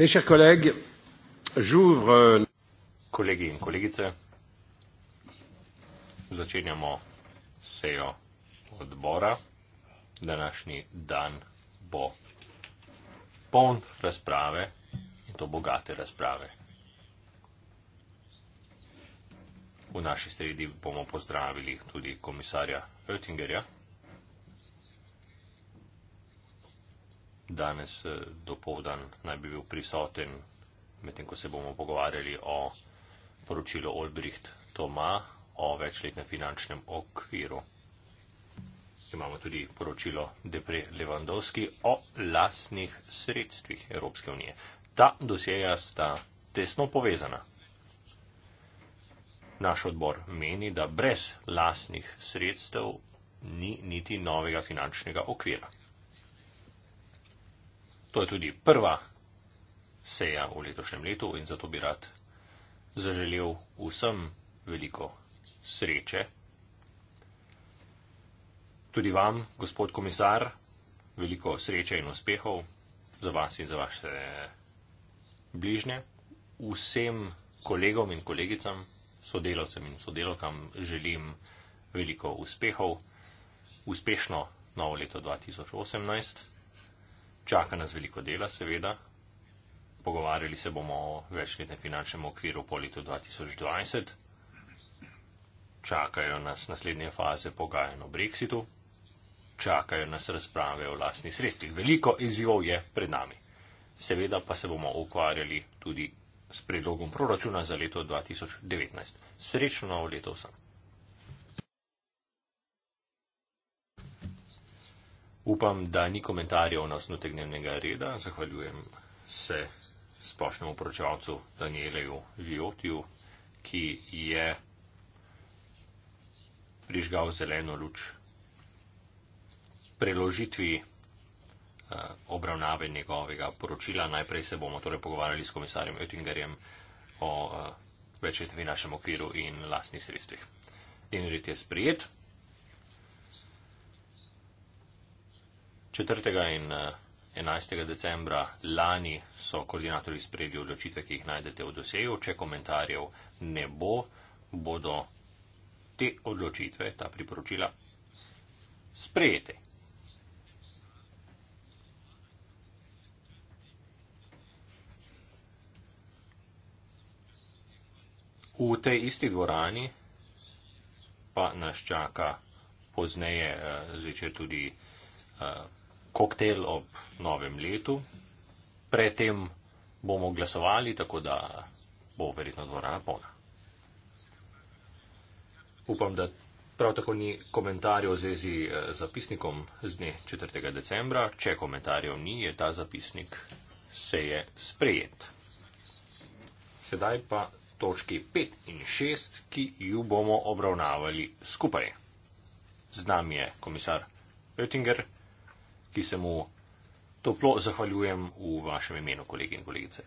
Euh, Kolegi in kolegice, začenjamo sejo odbora. Današnji dan bo poln razprave in to bogate razprave. V naši sredi bomo pozdravili tudi komisarja Oettingerja. danes eh, do povdan naj bi bil prisoten, medtem ko se bomo pogovarjali o poročilu Olbricht Toma o večletnem finančnem okviru. Imamo tudi poročilo Depre Levandovski o lastnih sredstvih Evropske unije. Ta dosjeja sta tesno povezana. Naš odbor meni, da brez lastnih sredstev ni niti novega finančnega okvira. To je tudi prva seja v letošnjem letu in zato bi rad zaželel vsem veliko sreče. Tudi vam, gospod komisar, veliko sreče in uspehov za vas in za vaše bližnje. Vsem kolegom in kolegicam, sodelovcem in sodelovkam želim veliko uspehov, uspešno novo leto 2018. Čaka nas veliko dela, seveda. Pogovarjali se bomo o večletnem finančnem okviru po letu 2020. Čakajo nas naslednje faze pogajanj o brexitu. Čakajo nas razprave o lastnih sredstvih. Veliko izzivov je pred nami. Seveda pa se bomo ukvarjali tudi s predlogom proračuna za leto 2019. Srečno novo leto vsem. Upam, da ni komentarjev na snutek dnevnega reda. Zahvaljujem se splošnemu poročevalcu Danieleju Viotiju, ki je prižgal zeleno luč preložitvi eh, obravnave njegovega poročila. Najprej se bomo torej pogovarjali s komisarjem Oettingerjem o eh, večjih finančnem okviru in lastnih sredstvih. Dnevni red je sprijet. 4. in 11. Eh, decembra lani so koordinatorji sprejeli odločitve, ki jih najdete v doseju. Če komentarjev ne bo, bodo te odločitve, ta priporočila, sprejete. V tej isti dvorani pa nas čaka pozneje eh, zvečer tudi eh, koktejl ob novem letu. Predtem bomo glasovali, tako da bo verjetno dvorana polna. Upam, da prav tako ni komentarjev v zvezi eh, z zapisnikom z dne 4. decembra. Če komentarjev ni, je ta zapisnik se je sprejet. Sedaj pa točki 5 in 6, ki ju bomo obravnavali skupaj. Z nami je komisar Oettinger ki se mu toplo zahvaljujem v vašem imenu, kolegi in kolegice.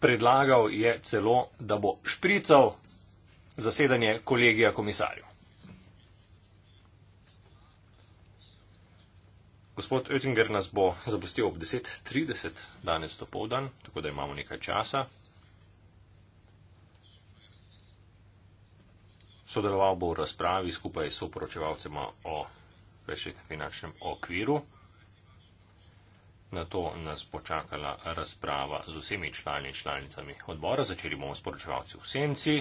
Predlagal je celo, da bo šprical zasedanje kolegija komisarju. Gospod Oettinger nas bo zapustil ob 10.30 danes do povdan, tako da imamo nekaj časa. Sodeloval bo v razpravi skupaj s oporočevalcema o prejšnjem finančnem okviru. Na to nas bo čakala razprava z vsemi člani in članicami odbora. Začeli bomo s poročevalci v senci,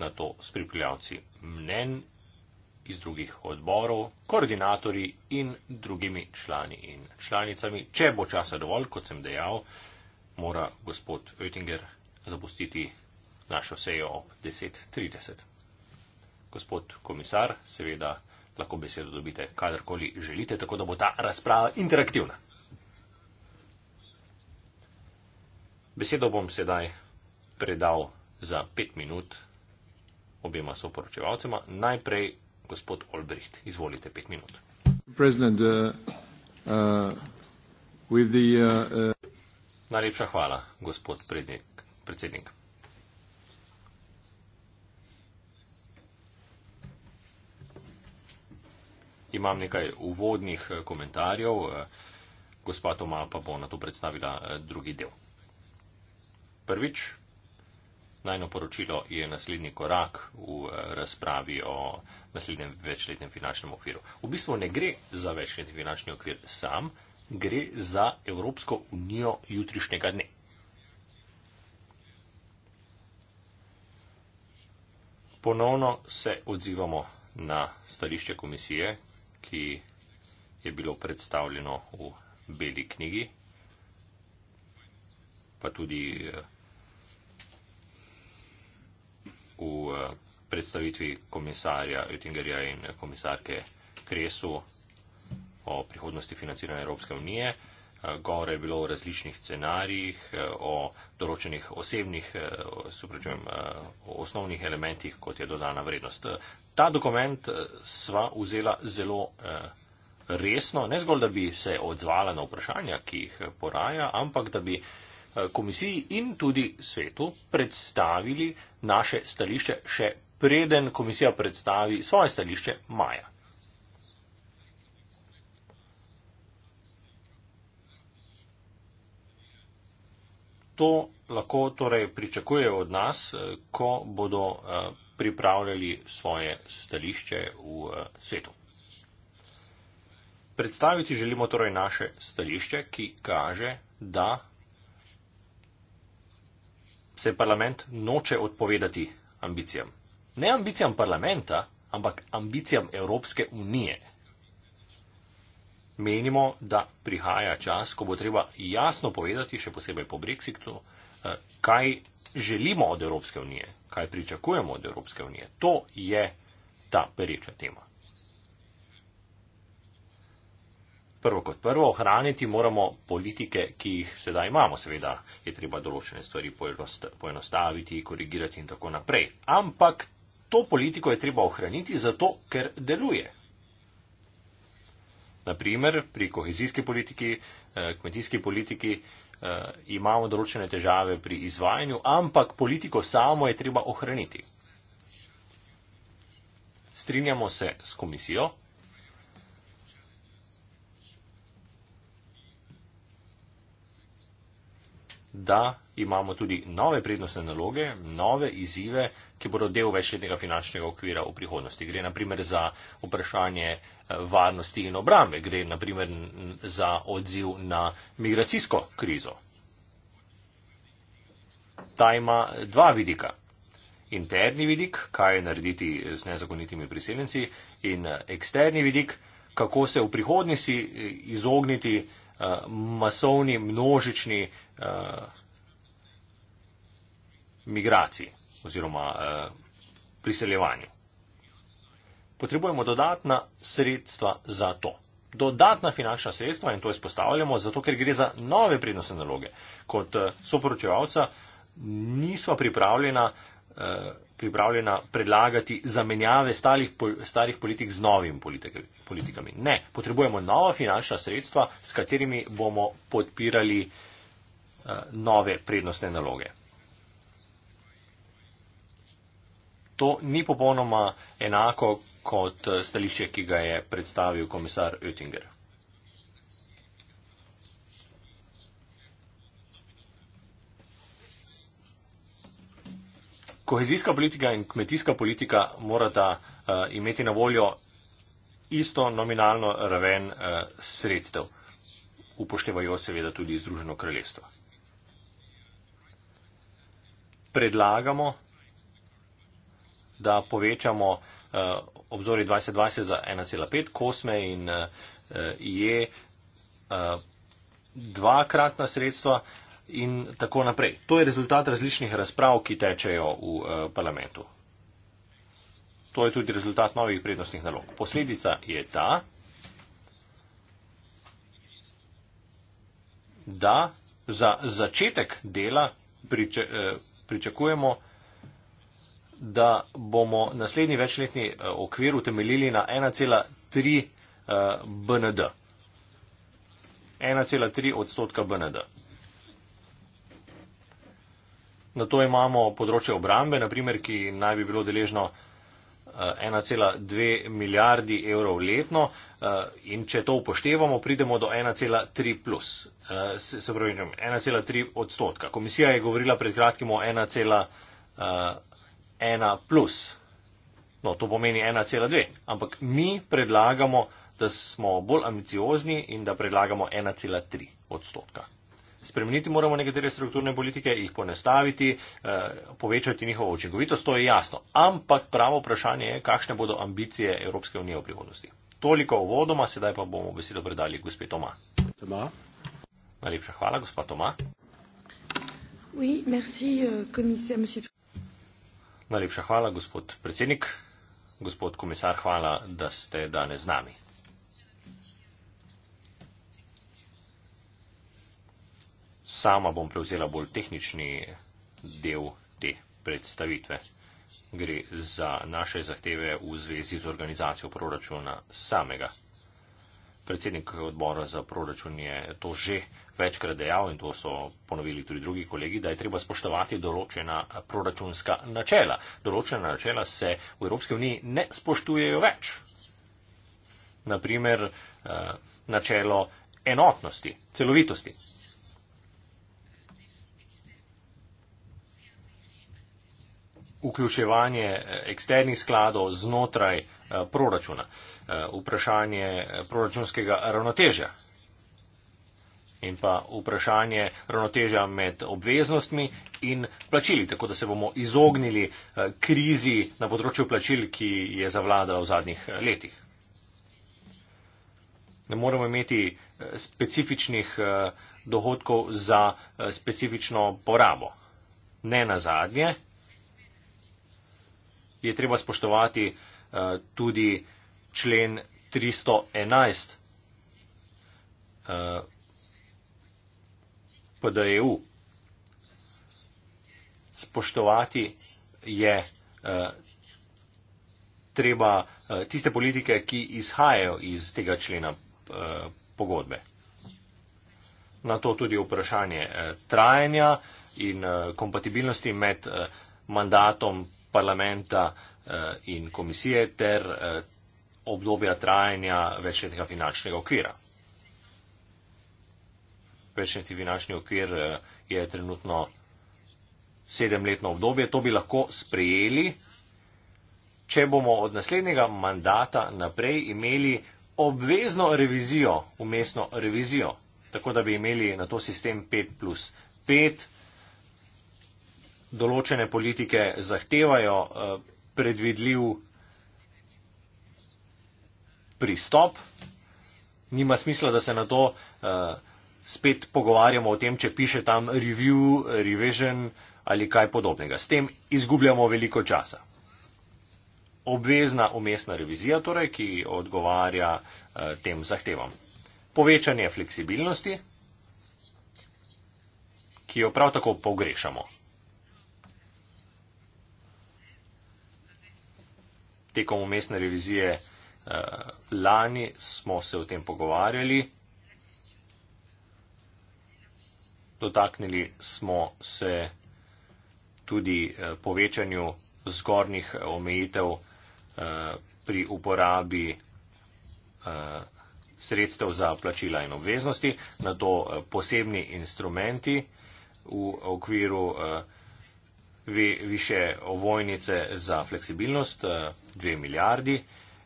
na to s pripravljavci mnen iz drugih odborov, koordinatorji in drugimi člani in članicami. Če bo časa dovolj, kot sem dejal, mora gospod Oettinger zapustiti našo sejo ob 10.30 gospod komisar, seveda lahko besedo dobite kadarkoli želite, tako da bo ta razprava interaktivna. Besedo bom sedaj predal za pet minut obima soporočevalcema. Najprej gospod Olbricht, izvolite pet minut. Uh, uh, the, uh, uh... Najlepša hvala, gospod prednik, predsednik. Imam nekaj uvodnih eh, komentarjev, eh, gospa Toma pa bo na to predstavila eh, drugi del. Prvič, najno poročilo je naslednji korak v razpravi o naslednjem večletnem finančnem okviru. V bistvu ne gre za večletni finančni okvir sam, gre za Evropsko unijo jutrišnjega dne. Ponovno se odzivamo na stališče komisije, ki je bilo predstavljeno v beli knjigi, pa tudi eh, v eh, predstavitvi komisarja Oettingerja in komisarke Kresu o prihodnosti financiranja Evropske unije. Eh, Govore je bilo o različnih scenarijih, o določenih osebnih, supračujem, osnovnih elementih, kot je dodana vrednost ta dokument eh, sva vzela zelo eh, resno, ne zgolj, da bi se odzvala na vprašanja, ki jih eh, poraja, ampak da bi komisiji in tudi svetu predstavili naše stališče še preden komisija predstavi svoje stališče maja. To lahko torej pričakuje od nas, ko bodo pripravljali svoje stališče v eh, svetu. Predstaviti želimo torej naše stališče, ki kaže, da se parlament noče odpovedati ambicijam. Ne ambicijam parlamenta, ampak ambicijam Evropske unije. Menimo, da prihaja čas, ko bo treba jasno povedati, še posebej po Brexitu, eh, kaj želimo od Evropske unije, kaj pričakujemo od Evropske unije. To je ta pereča tema. Prvo kot prvo, ohraniti moramo politike, ki jih sedaj imamo. Seveda je treba določene stvari poenostaviti, korigirati in tako naprej. Ampak to politiko je treba ohraniti zato, ker deluje. Naprimer, pri kohezijski politiki, eh, kmetijski politiki, uh, imamo določene težave pri izvajanju, ampak politiko samo je treba ohraniti. Strinjamo se s komisijo, da imamo tudi nove prednostne naloge, nove izzive, ki bodo del večletnega finančnega okvira v prihodnosti. Gre naprimer za vprašanje eh, varnosti in obrambe, gre naprimer za odziv na migracijsko krizo. Ta ima dva vidika. Interni vidik, kaj je narediti z nezakonitimi priseljenci, in eh, eksterni vidik, kako se v prihodnosti eh, izogniti Eh, masovni množični eh, migraciji oziroma eh, priseljevanju. Potrebujemo dodatna sredstva za to. Dodatna finančna sredstva in to izpostavljamo, zato ker gre za nove prednostne naloge. Kot soporočevalca nisva pripravljena eh, pripravljena predlagati zamenjave starih, starih politik z novimi politikami. Ne, potrebujemo nova finančna sredstva, s katerimi bomo podpirali uh, nove prednostne naloge. To ni popolnoma enako kot eh, stališče, ki ga je predstavil komisar Oettinger. kohezijska politika in kmetijska politika morata uh, imeti na voljo isto nominalno raven uh, sredstev, upoštevajo seveda tudi Združeno kraljestvo. Predlagamo, da povečamo uh, obzori 2020 za 1,5 kosme in uh, eh, je uh, dvakratna sredstva uh, in tako naprej. To je rezultat različnih razprav, ki tečejo v uh, parlamentu. To je tudi rezultat novih prednostnih nalog. Posledica je ta, da za začetek dela priča, uh, pričakujemo, da bomo naslednji večletni uh, okvir utemeljili na 1,3 uh, BND. 1,3 odstotka BND. Na to imamo področje obrambe, naprimer, ki naj bi bilo deležno 1,2 eh, milijardi evrov letno eh, in če to upoštevamo, pridemo do 1,3 plus, eh, se pravi, 1,3 odstotka. Komisija je govorila pred kratkim o 1,1 plus, no to pomeni 1,2, ampak mi predlagamo, da smo bolj ambiciozni in da predlagamo 1,3 odstotka spremeniti moramo nekatere strukturne politike, jih ponestaviti, eh, povečati njihovo učinkovitost, to je jasno. Ampak pravo vprašanje je, kakšne bodo ambicije Evropske unije v prihodnosti. Toliko o vodoma, sedaj pa bomo besedo predali gospe Toma. Toma. Najlepša hvala, gospa Toma. Oui, merci, komisar, euh, Najlepša hvala, gospod predsednik. Gospod komisar, hvala, da ste danes z nami. sama bom prevzela bolj tehnični del te predstavitve. Gre za naše zahteve v zvezi z organizacijo proračuna samega. Predsednik odbora za proračun je to že večkrat dejal in to so ponovili tudi drugi kolegi, da je treba spoštovati določena proračunska načela. Določena načela se v Evropski uniji ne spoštujejo več. Naprimer, eh, načelo enotnosti, celovitosti. vključevanje eh, eksternih skladov znotraj eh, proračuna, eh, vprašanje proračunskega ravnotežja in pa vprašanje ravnotežja med obveznostmi in plačili, tako da se bomo izognili krizi na področju plačil, ki je zavladala v zadnjih letih. Ne moremo imeti specifičnih dohodkov za specifično porabo. Ne na zadnje, je treba spoštovati eh, tudi člen 311 eh, PDEU. Spoštovati je eh, treba tiste politike, ki izhajajo iz tega člena pogodbe. Na to tudi vprašanje trajanja in kompatibilnosti med mandatom parlamenta eh, in komisije ter eh, obdobja trajanja večletnega finančnega okvira. Večletni finančni okvir eh, je trenutno sedemletno obdobje. To bi lahko sprejeli, če bomo od naslednjega mandata naprej imeli obvezno revizijo, umestno revizijo. Tako da bi imeli na to sistem 5 plus 5 določene politike zahtevajo eh, predvidljiv pristop. Nima smisla, da se na to eh, spet pogovarjamo o tem, če piše tam review, revision ali kaj podobnega. S tem izgubljamo veliko časa. Obvezna umestna revizija, torej, ki odgovarja eh, tem zahtevam. Povečanje fleksibilnosti, ki jo prav tako pogrešamo. tekom umestne revizije uh, lani smo se o tem pogovarjali. Dotaknili smo se tudi uh, povečanju zgornjih omejitev uh, pri uporabi uh, sredstev za plačila in obveznosti, na to uh, posebni instrumenti v okviru uh, vi, više ovojnice za fleksibilnost, eh, dve milijardi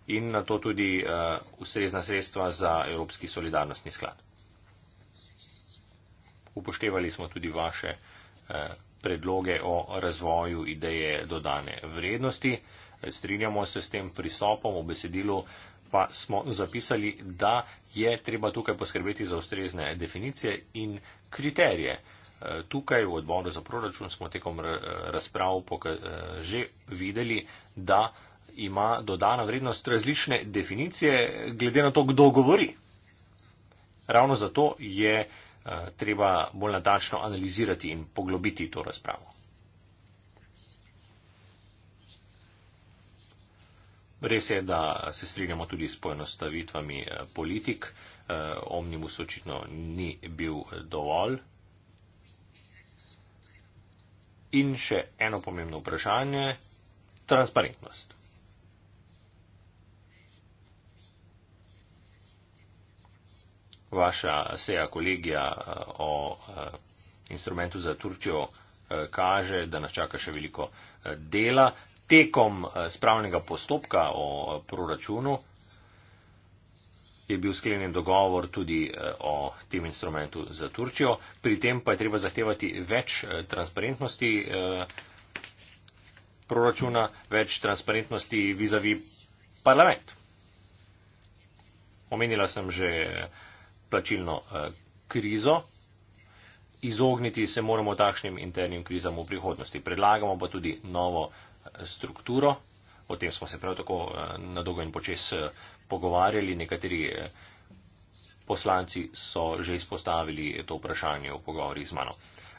in na to tudi eh, ustrezna sredstva za Evropski solidarnostni sklad. Upoštevali smo tudi vaše eh, predloge o razvoju ideje dodane vrednosti. Strinjamo se s tem prisopom v besedilu, pa smo zapisali, da je treba tukaj poskrbeti za ustrezne definicije in kriterije. Tukaj v odboru za proračun smo tekom eh, razprav eh, že videli, da ima dodana vrednost različne definicije, glede na to, kdo govori. Ravno zato je eh, treba bolj natačno analizirati in poglobiti to razpravo. Res je, da se strinjamo tudi s poenostavitvami politik. Omnibus očitno ni bil dovolj. In še eno pomembno vprašanje - transparentnost. Vaša seja kolegija eh, o eh, instrumentu za Turčjo eh, kaže, da nas čaka še veliko dela. Tekom spravnega postopka o proračunu je bil sklenjen dogovor tudi eh, o tem instrumentu za Turčijo. Pri tem pa je treba zahtevati več eh, transparentnosti eh, proračuna, več transparentnosti vizavi parlament. Omenila sem že plačilno krizo. Izogniti se moramo takšnim internim krizam v prihodnosti. Predlagamo pa tudi novo strukturo o tem smo se prav tako eh, na dolgo in počes eh, pogovarjali. Nekateri eh, poslanci so že izpostavili to vprašanje v pogovori z mano.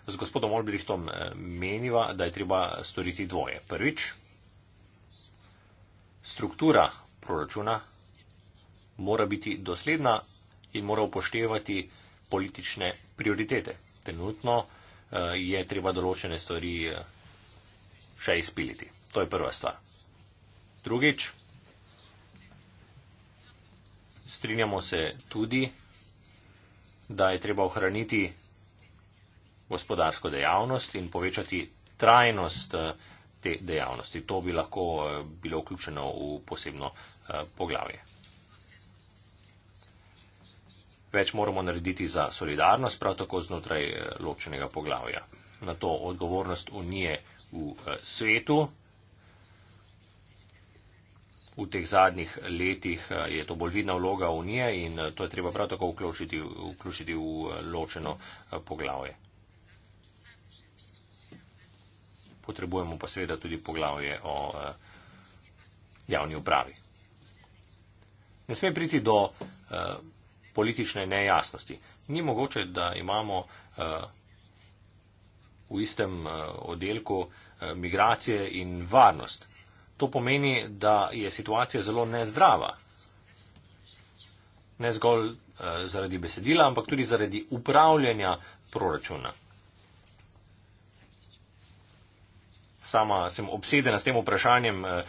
Z gospodom Olbrichtom meniva, da je treba storiti dvoje. Prvič, struktura proračuna mora biti dosledna in mora upoštevati politične prioritete. Trenutno je treba določene stvari še izpiliti. To je prva stvar. Drugič, strinjamo se tudi, da je treba ohraniti gospodarsko dejavnost in povečati trajnost eh, te dejavnosti. To bi lahko eh, bilo vključeno v posebno eh, poglavje. Več moramo narediti za solidarnost, prav tako znotraj ločenega poglavja. Na to odgovornost Unije v svetu v teh zadnjih letih eh, je to bolj vidna vloga Unije in eh, to je treba prav tako vključiti, vključiti v eh, ločeno poglavje. Potrebujemo pa seveda tudi poglavje o javni upravi. Ne sme priti do politične nejasnosti. Ni mogoče, da imamo v istem oddelku migracije in varnost. To pomeni, da je situacija zelo nezdrava. Ne zgolj eh, zaradi besedila, ampak tudi zaradi upravljanja proračuna. Sama sem obsedena s tem vprašanjem eh,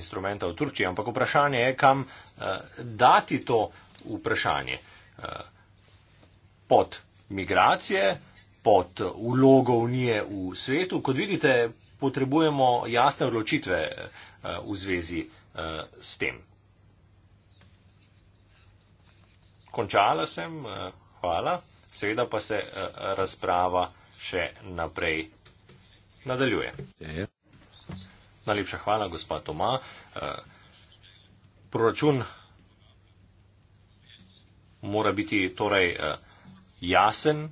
instrumenta v Turčiji, ampak vprašanje je, kam eh, dati to vprašanje. Eh, pod migracije, pod vlogo Unije v svetu, kot vidite, potrebujemo jasne odločitve eh, v zvezi eh, s tem. Končala sem, eh, hvala. Seveda pa se razprava še naprej nadaljuje. Najlepša hvala, gospa Toma. Proračun mora biti torej jasen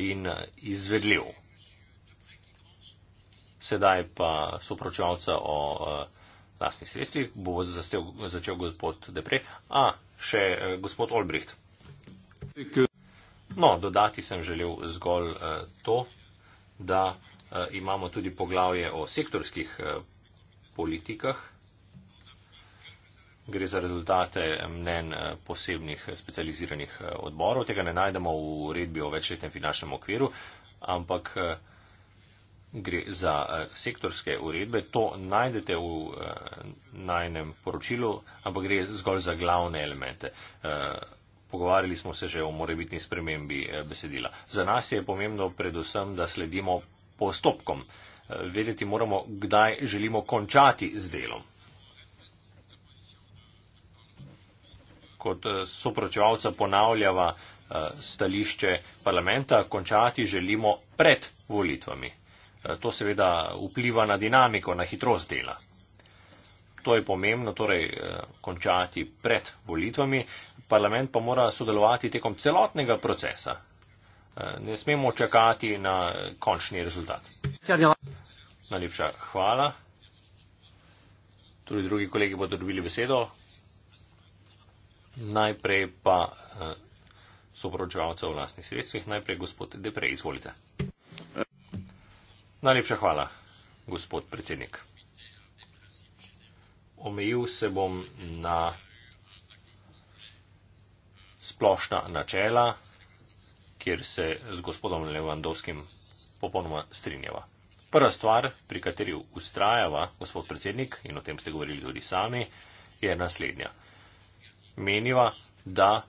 in izvedljiv sedaj pa soproščevalca o uh, lastnih sredstvih, bo zastel, začel gospod Depre, a še uh, gospod Olbricht. No, dodati sem želel zgolj uh, to, da uh, imamo tudi poglavje o sektorskih uh, politikah. Gre za rezultate mnen posebnih specializiranih odborov. Tega ne najdemo v uredbi o večletnem finančnem okviru, ampak gre za eh, sektorske uredbe. To najdete v eh, najnem poročilu, ampak gre zgolj za glavne elemente. Eh, pogovarjali smo se že o morebitni spremembi besedila. Za nas je pomembno predvsem, da sledimo postopkom. Vedeti moramo, kdaj želimo končati z delom. Kot sopročevalca ponavljava stališče parlamenta, končati želimo pred volitvami. Eh, to seveda vpliva na dinamiko, na hitrost dela. To je pomembno, torej eh, končati pred volitvami. Parlament pa mora sodelovati tekom celotnega procesa. Eh, ne smemo čakati na končni rezultat. Najlepša hvala. Tudi drugi kolegi bodo dobili besedo. Najprej pa soporočevalce v vlastnih sredstvih. Najprej gospod Deprej, izvolite. Najlepša hvala, gospod predsednik. Omejil se bom na splošna načela, kjer se z gospodom Levandovskim popolnoma strinjava. Prva stvar, pri kateri ustrajava, gospod predsednik, in o tem ste govorili tudi sami, je naslednja. Meniva, da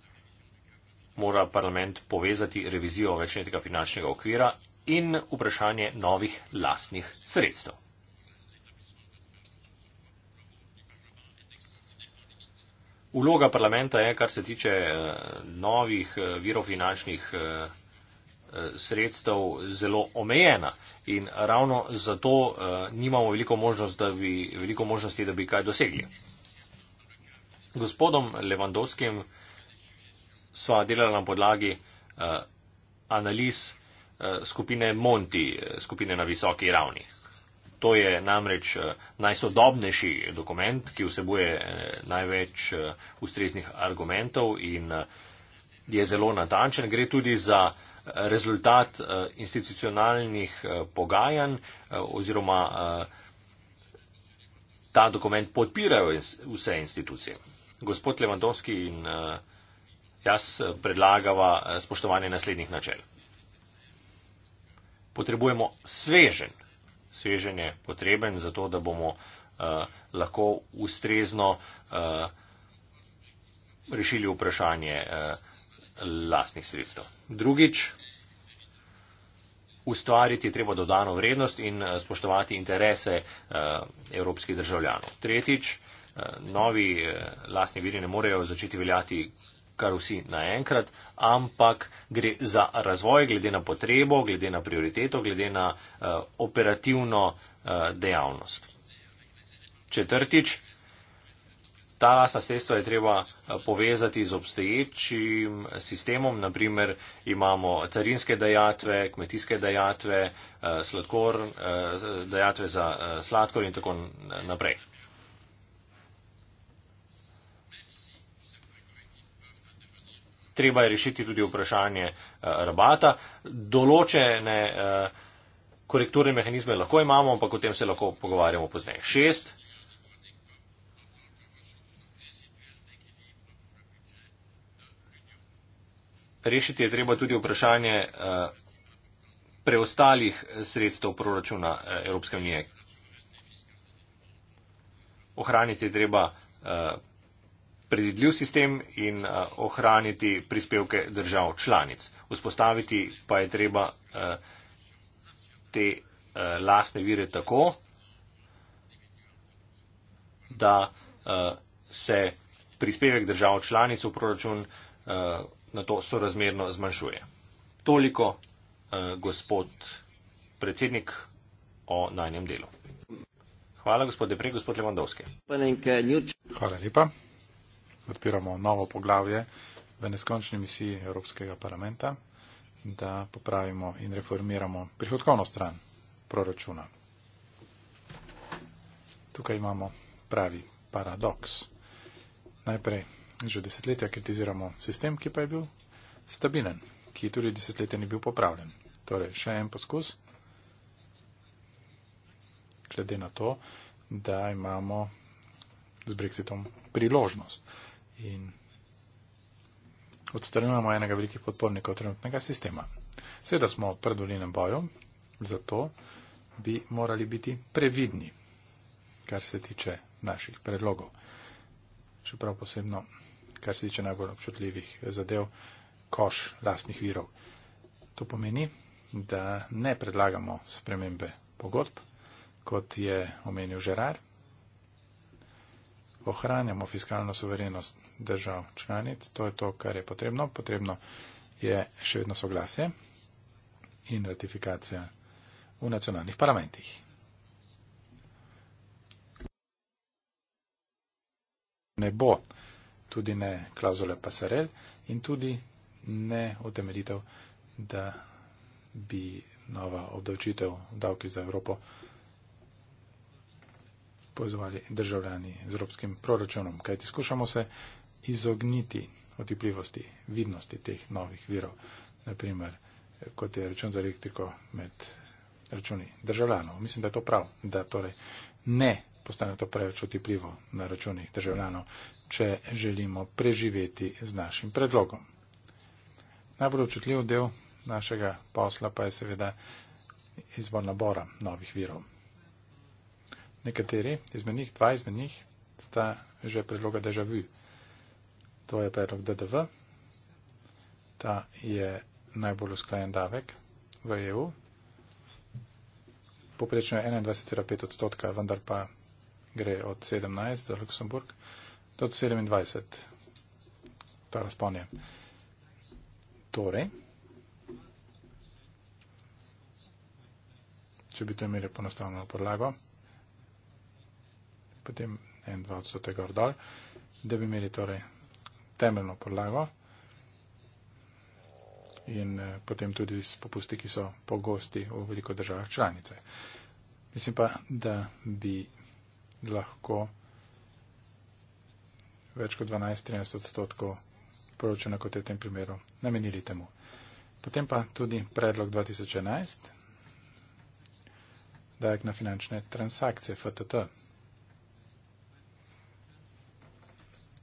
mora parlament povezati revizijo večletnega finančnega okvira in vprašanje novih lastnih sredstev. Uloga parlamenta je, kar se tiče eh, novih eh, virov finančnih eh, sredstev, zelo omejena in ravno zato nimamo veliko, možnost, da bi, veliko možnosti, da bi kaj dosegli. Gospodom Levandovskim sva delala na podlagi analiz Eh, skupine Monti, eh, skupine na visoki ravni. To je namreč eh, najsodobnejši dokument, ki vsebuje največ ustreznih argumentov in je zelo natančen. Gre tudi za rezultat institucionalnih pogajanj oziroma ta dokument podpirajo vse institucije. Gospod Levandovski in jaz predlagava spoštovanje naslednjih načel potrebujemo svežen. Svežen je potreben za to, da bomo uh, lahko ustrezno uh, rešili vprašanje uh, lastnih sredstev. Drugič, ustvariti je treba dodano vrednost in uh, spoštovati interese uh, evropskih državljanov. Tretjič, uh, novi uh, lastni viri ne morejo začeti veljati kar vsi naenkrat, ampak gre za razvoj glede na potrebo, glede na prioriteto, glede na uh, operativno uh, dejavnost. Četrtič, ta sastestva je treba eh, povezati z obstoječim sistemom, naprimer imamo carinske dajatve, kmetijske dajatve, uh, sladkor, uh, dajatve za uh, sladkor in tako naprej. treba je rešiti tudi vprašanje uh, rabata. Določene uh, korekturne mehanizme lahko imamo, ampak o tem se lahko pogovarjamo pozneje. Šest. Rešiti je treba tudi vprašanje uh, preostalih sredstev proračuna uh, Evropske unije. Ohraniti je treba uh, predvidljiv sistem in uh, ohraniti prispevke držav članic. Vzpostaviti pa je treba uh, te uh, eh, lasne vire tako, da uh, se prispevek držav članic v proračun uh, na to sorazmerno zmanjšuje. Toliko, uh, gospod predsednik, o najnem delu. Hvala, gospod Deprej, gospod Levandovski. Hvala lepa odpiramo novo poglavje v neskončni misiji Evropskega parlamenta, da popravimo in reformiramo prihodkovno stran proračuna. Tukaj imamo pravi paradoks. Najprej že desetletja kritiziramo sistem, ki pa je bil stabilen, ki tudi desetletja ni bil popravljen. Torej, še en poskus, glede na to, da imamo z Brexitom priložnost in odstranjujemo enega velikih podpornikov trenutnega sistema. Sveda smo pred volilnem boju, zato bi morali biti previdni, kar se tiče naših predlogov. Čeprav posebno, kar se tiče najbolj občutljivih zadev, koš lastnih virov. To pomeni, da ne predlagamo spremembe pogodb, kot je omenil Žerar, ohranjamo fiskalno soverenost držav članic. To je to, kar je potrebno. Potrebno je še vedno soglasje in ratifikacija v nacionalnih parlamentih. Ne bo tudi ne klauzule pasarel in tudi ne utemeljitev, da bi nova obdavčitev davki za Evropo pozvali državljani z evropskim proračunom, kajti skušamo se izogniti otipljivosti, vidnosti teh novih virov, naprimer, kot je račun za elektriko med računi državljanov. Mislim, da je to prav, da torej ne postane to preveč otipljivo na računih državljanov, če želimo preživeti z našim predlogom. Najbolj občutljiv del našega posla pa je seveda izbor nabora novih virov. Nekateri izmed njih, dva izmed njih, sta že predloga deja vu. To je predlog DDV. Ta je najbolj usklajen davek v EU. Poprečno je 21,5 odstotka, vendar pa gre od 17 za Luksemburg do 27. Ta razpon je. Torej, če bi to imeli ponostavno podlago potem en, dva odstotek gor dol, da bi imeli torej temeljno podlago in eh, potem tudi s popusti, ki so pogosti v veliko državah članice. Mislim pa, da bi lahko več kot 12-13 odstotkov poročena, kot je v tem primeru, namenili temu. Potem pa tudi predlog 2011, dajek na finančne transakcije, FTT.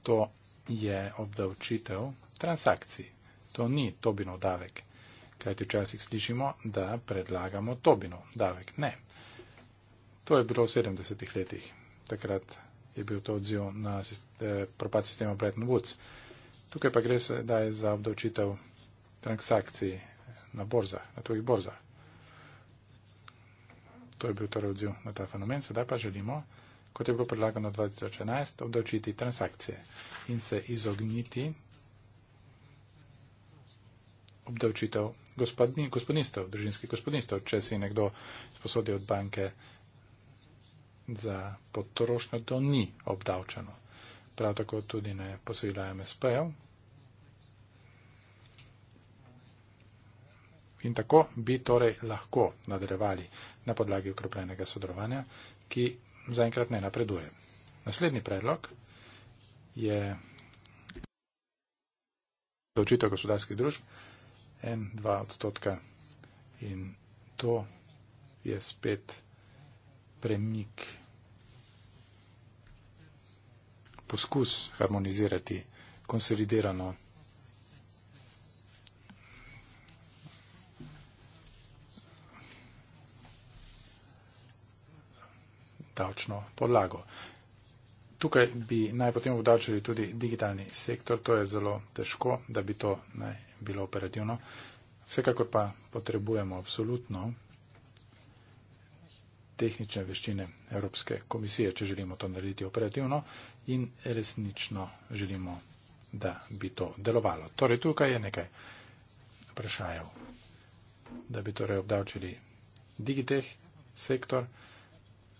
to je obdavčitev transakcij. To ni Tobinov davek, kajti včasih slišimo, da predlagamo Tobinov davek. Ne. To je bilo v 70-ih letih. Takrat je bil to odziv na sist eh, propad sistema Bretton Woods. Tukaj pa gre sedaj za obdavčitev transakcij na borzah, na tujih borzah. To je bil torej odziv na ta fenomen. Sedaj pa želimo, kot je bilo predlagano 2011, obdavčiti transakcije in se izogniti obdavčitev gospodinstv, družinskih gospodinstv, če si nekdo sposodi od banke za potrošnjo, to ni obdavčeno. Prav tako tudi ne posojila MSP-jev. In tako bi torej lahko nadaljevali na podlagi okrepljenega sodelovanja, ki zaenkrat ne napreduje. Naslednji predlog je določitev gospodarskih družb, en, dva odstotka in to je spet premik, poskus harmonizirati konsolidirano davčno podlago. Tukaj bi naj potem obdavčili tudi digitalni sektor, to je zelo težko, da bi to naj bilo operativno. Vsekakor pa potrebujemo absolutno tehnične veščine Evropske komisije, če želimo to narediti operativno in resnično želimo, da bi to delovalo. Torej, tukaj je nekaj vprašajev, da bi torej obdavčili digiteh sektor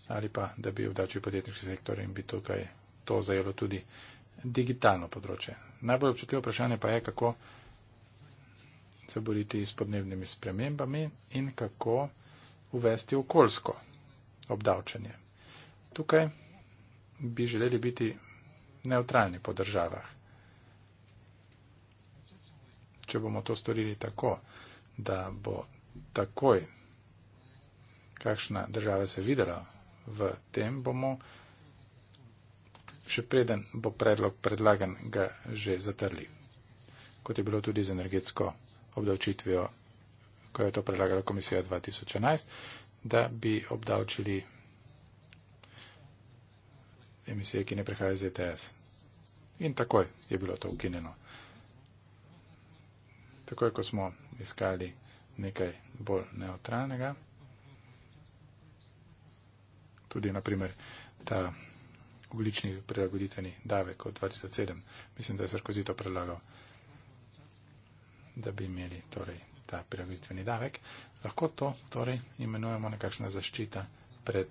ali pa da bi obdavčili podjetniški sektor in bi tukaj to zajelo tudi digitalno področje. Najbolj občutljivo vprašanje pa je, kako se boriti s podnebnimi spremembami in kako uvesti okoljsko obdavčanje. Tukaj bi želeli biti neutralni po državah. Če bomo to storili tako, da bo takoj kakšna država se videla v tem bomo, še preden bo predlog predlagan, ga že zatrli. Kot je bilo tudi z energetsko obdavčitvijo, ko je to predlagala komisija 2011, da bi obdavčili emisije, ki ne prehajajo z ETS. In takoj je bilo to ukinjeno. Takoj, ko smo iskali nekaj bolj neutralnega tudi naprimer ta oglični prilagoditveni davek od 2007. Mislim, da je Sarkozy to predlagal, da bi imeli torej ta prilagoditveni davek. Lahko to torej imenujemo nekakšna zaščita pred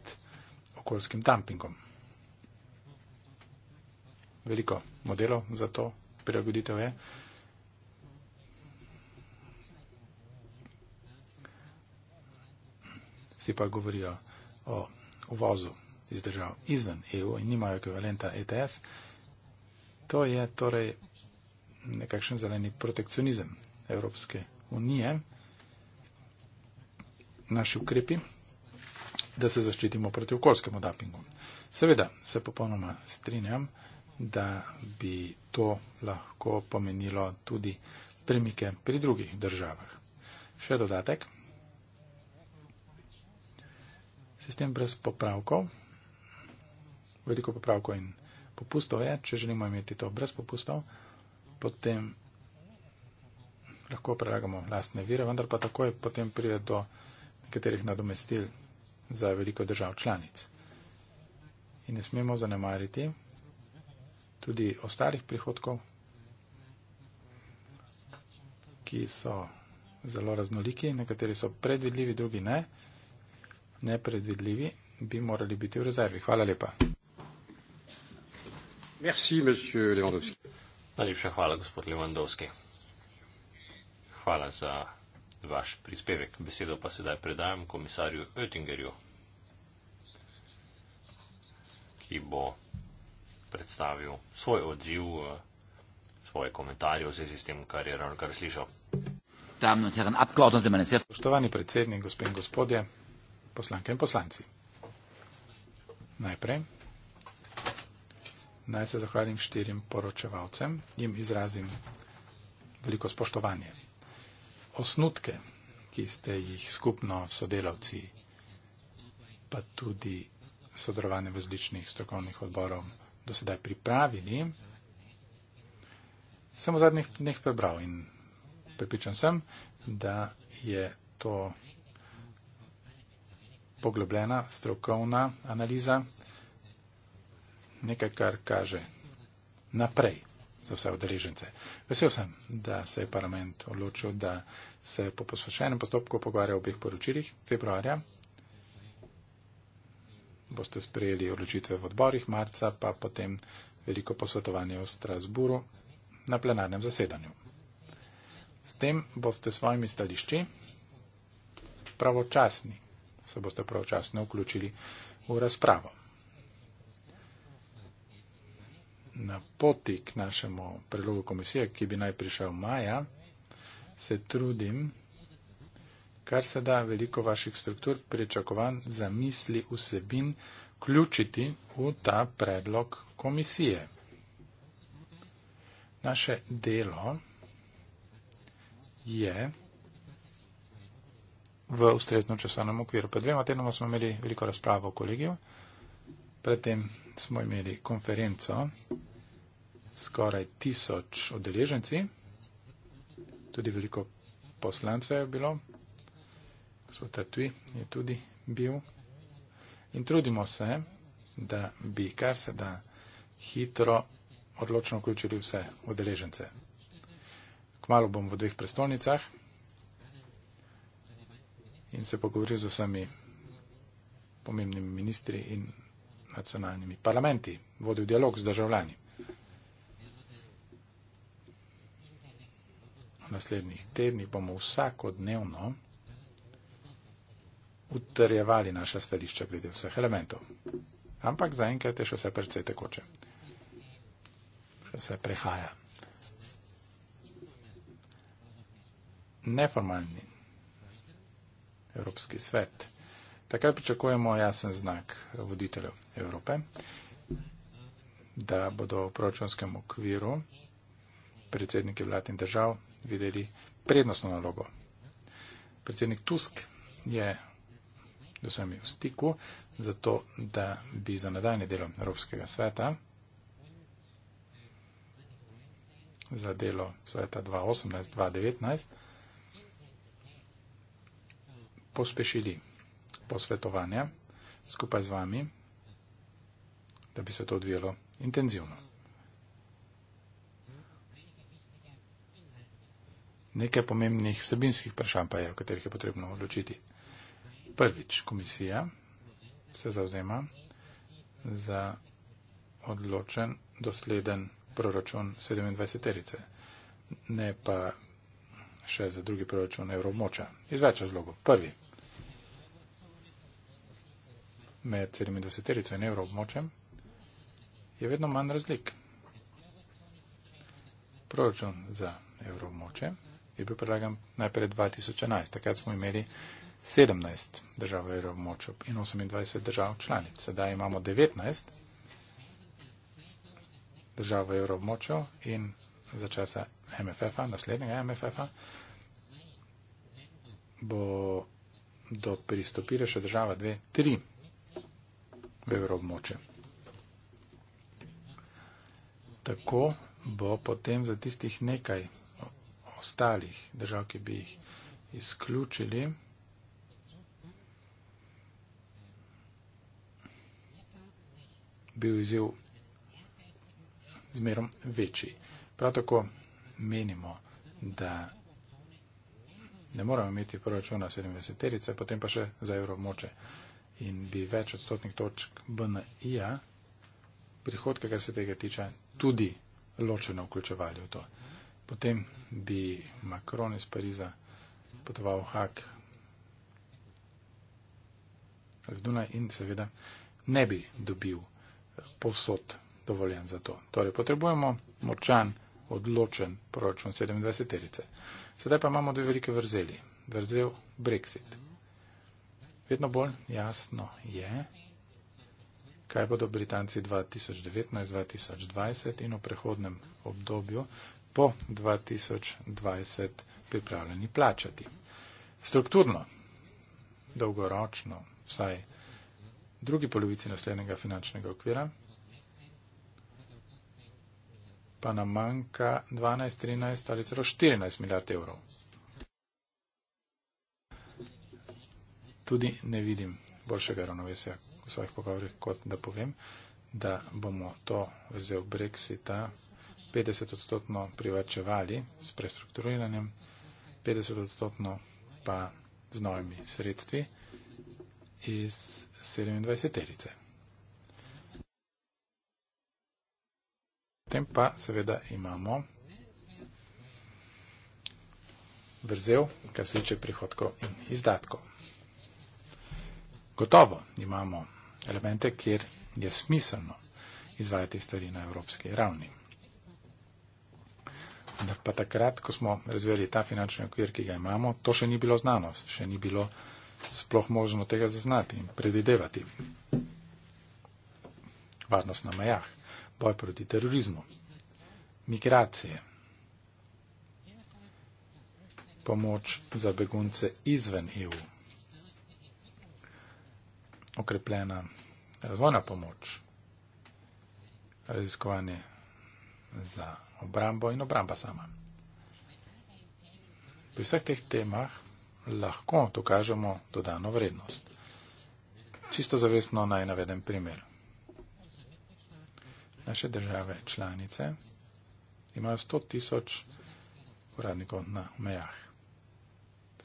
okoljskim dumpingom. Veliko modelov za to prilagoditev je. Vsi pa govorijo o uvozu iz držav izven EU in nimajo ekvivalenta ETS, to je torej nekakšen zeleni protekcionizem Evropske unije, naši ukrepi, da se zaščitimo proti okoljskemu dapingu. Seveda se popolnoma strinjam, da bi to lahko pomenilo tudi premike pri drugih državah. Še dodatek, sistem brez popravkov. Veliko popravkov in popustov je, če želimo imeti to brez popustov, potem lahko prelagamo lastne vire, vendar pa takoj potem pride do nekaterih nadomestil za veliko držav članic. In ne smemo zanemariti tudi ostalih prihodkov, ki so zelo raznoliki, nekateri so predvidljivi, drugi ne nepredvidljivi, bi morali biti v rezervi. Hvala lepa. Merci, monsieur Lewandowski. Najlepša hvala, gospod Lewandowski. Hvala za vaš prispevek. Besedo pa sedaj predajam komisarju Oettingerju, ki bo predstavil svoj odziv, svoje komentarje v zvezi s tem, kar je ravno kar slišal. Spoštovani predsednik, gospod in gospodje poslanke in poslanci. Najprej naj se zahvalim štirim poročevalcem, jim izrazim veliko spoštovanje. Osnutke, ki ste jih skupno sodelavci, pa tudi sodelovanje v različnih strokovnih odborov do sedaj pripravili, sem v zadnjih dneh prebral in pripričan sem, da je to poglobljena strokovna analiza, nekaj, kar kaže naprej za vse odrežence. Vesel sem, da se je parlament odločil, da se po posvečenem postopku pogovarja o obeh poročilih februarja. Boste sprejeli odločitve v odborih marca, pa potem veliko posvetovanje v Strasburu na plenarnem zasedanju. S tem boste svojimi stališči pravočasni se boste pravčasno vključili v razpravo. Na poti k našemu predlogu komisije, ki bi naj prišel maja, se trudim, kar se da veliko vaših struktur, pričakovanj, zamisli, vsebin, vključiti v ta predlog komisije. Naše delo je v ustreznem časovnem okviru. Pred dvema tednoma smo imeli veliko razpravo v kolegiju, predtem smo imeli konferenco skoraj tisoč odeleženci, tudi veliko poslancev je bilo, gospod Tatui je tudi bil. In trudimo se, da bi kar se da hitro odločno vključili vse odeležence. Kmalo bom v dveh prestolnicah in se pogovoril z vsemi pomembnimi ministri in nacionalnimi parlamenti, vodil dialog z državljani. V naslednjih tednih bomo vsakodnevno utrjevali naša stališča glede vseh elementov. Ampak zaenkrat je še vse precej tekoče. Še vse prehaja. Neformalni Evropski svet. Takrat pričakujemo jasen znak voditeljev Evrope, da bodo v proračunskem okviru predsedniki vlad in držav videli prednostno nalogo. Predsednik Tusk je z vami v stiku, zato da bi za nadaljne delo Evropskega sveta, za delo sveta 2018-2019, pospešili posvetovanje skupaj z vami, da bi se to odvijalo intenzivno. Nekaj pomembnih vsebinskih vprašanj pa je, o katerih je potrebno odločiti. Prvič, komisija se zauzema za odločen, dosleden proračun 27 terice, ne pa še za drugi proračun evrov moča. Iz več razlogov. Prvi med 27 in evroobmočjem, je vedno manj razlik. Proračun za evroobmočje je bil predlagan najprej 2011. Takrat smo imeli 17 držav v evroobmočju in 28 držav članic. Sedaj imamo 19 držav v evroobmočju in za časa MFF-a, naslednjega MFF-a, bo do pristopile še država 2, 3 v evroobmoče. Tako bo potem za tistih nekaj ostalih držav, ki bi jih izključili, bil izjiv zmerom večji. Prav tako menimo, da ne moramo imeti proračuna 70-terice, potem pa še za evroobmoče in bi več odstotnih točk BNI-ja prihodke, kar se tega tiče, tudi ločeno vključevali v to. Potem bi Macron iz Pariza potoval v Hak ali Dunaj in seveda ne bi dobil povsod dovoljen za to. Torej, potrebujemo močan, odločen proračun 27. Sedaj pa imamo dve velike vrzeli. Vrzel Brexit. Vedno bolj jasno je, kaj bodo Britanci 2019-2020 in v prehodnem obdobju po 2020 pripravljeni plačati. Strukturno, dolgoročno, vsaj drugi polovici naslednjega finančnega okvira, pa nam manjka 12, 13 ali celo 14 milijard evrov. tudi ne vidim boljšega ravnovesja v svojih pogovorih, kot da povem, da bomo to vzel Brexita 50 odstotno privačevali s prestrukturiranjem, 50 odstotno pa z novimi sredstvi iz 27-erice. Potem pa seveda imamo vrzel, kar se tiče prihodkov in izdatkov. Gotovo imamo elemente, kjer je smiselno izvajati stvari na evropski ravni. Da pa takrat, ko smo razvijali ta finančni okvir, ki ga imamo, to še ni bilo znano, še ni bilo sploh možno tega zaznati in predvidevati. Varnost na mejah, boj proti terorizmu, migracije, pomoč za begunce izven EU okrepljena razvojna pomoč, raziskovanje za obrambo in obramba sama. Pri vseh teh temah lahko dokažemo dodano vrednost. Čisto zavestno naj navedem primer. Naše države članice imajo 100 tisoč uradnikov na mejah.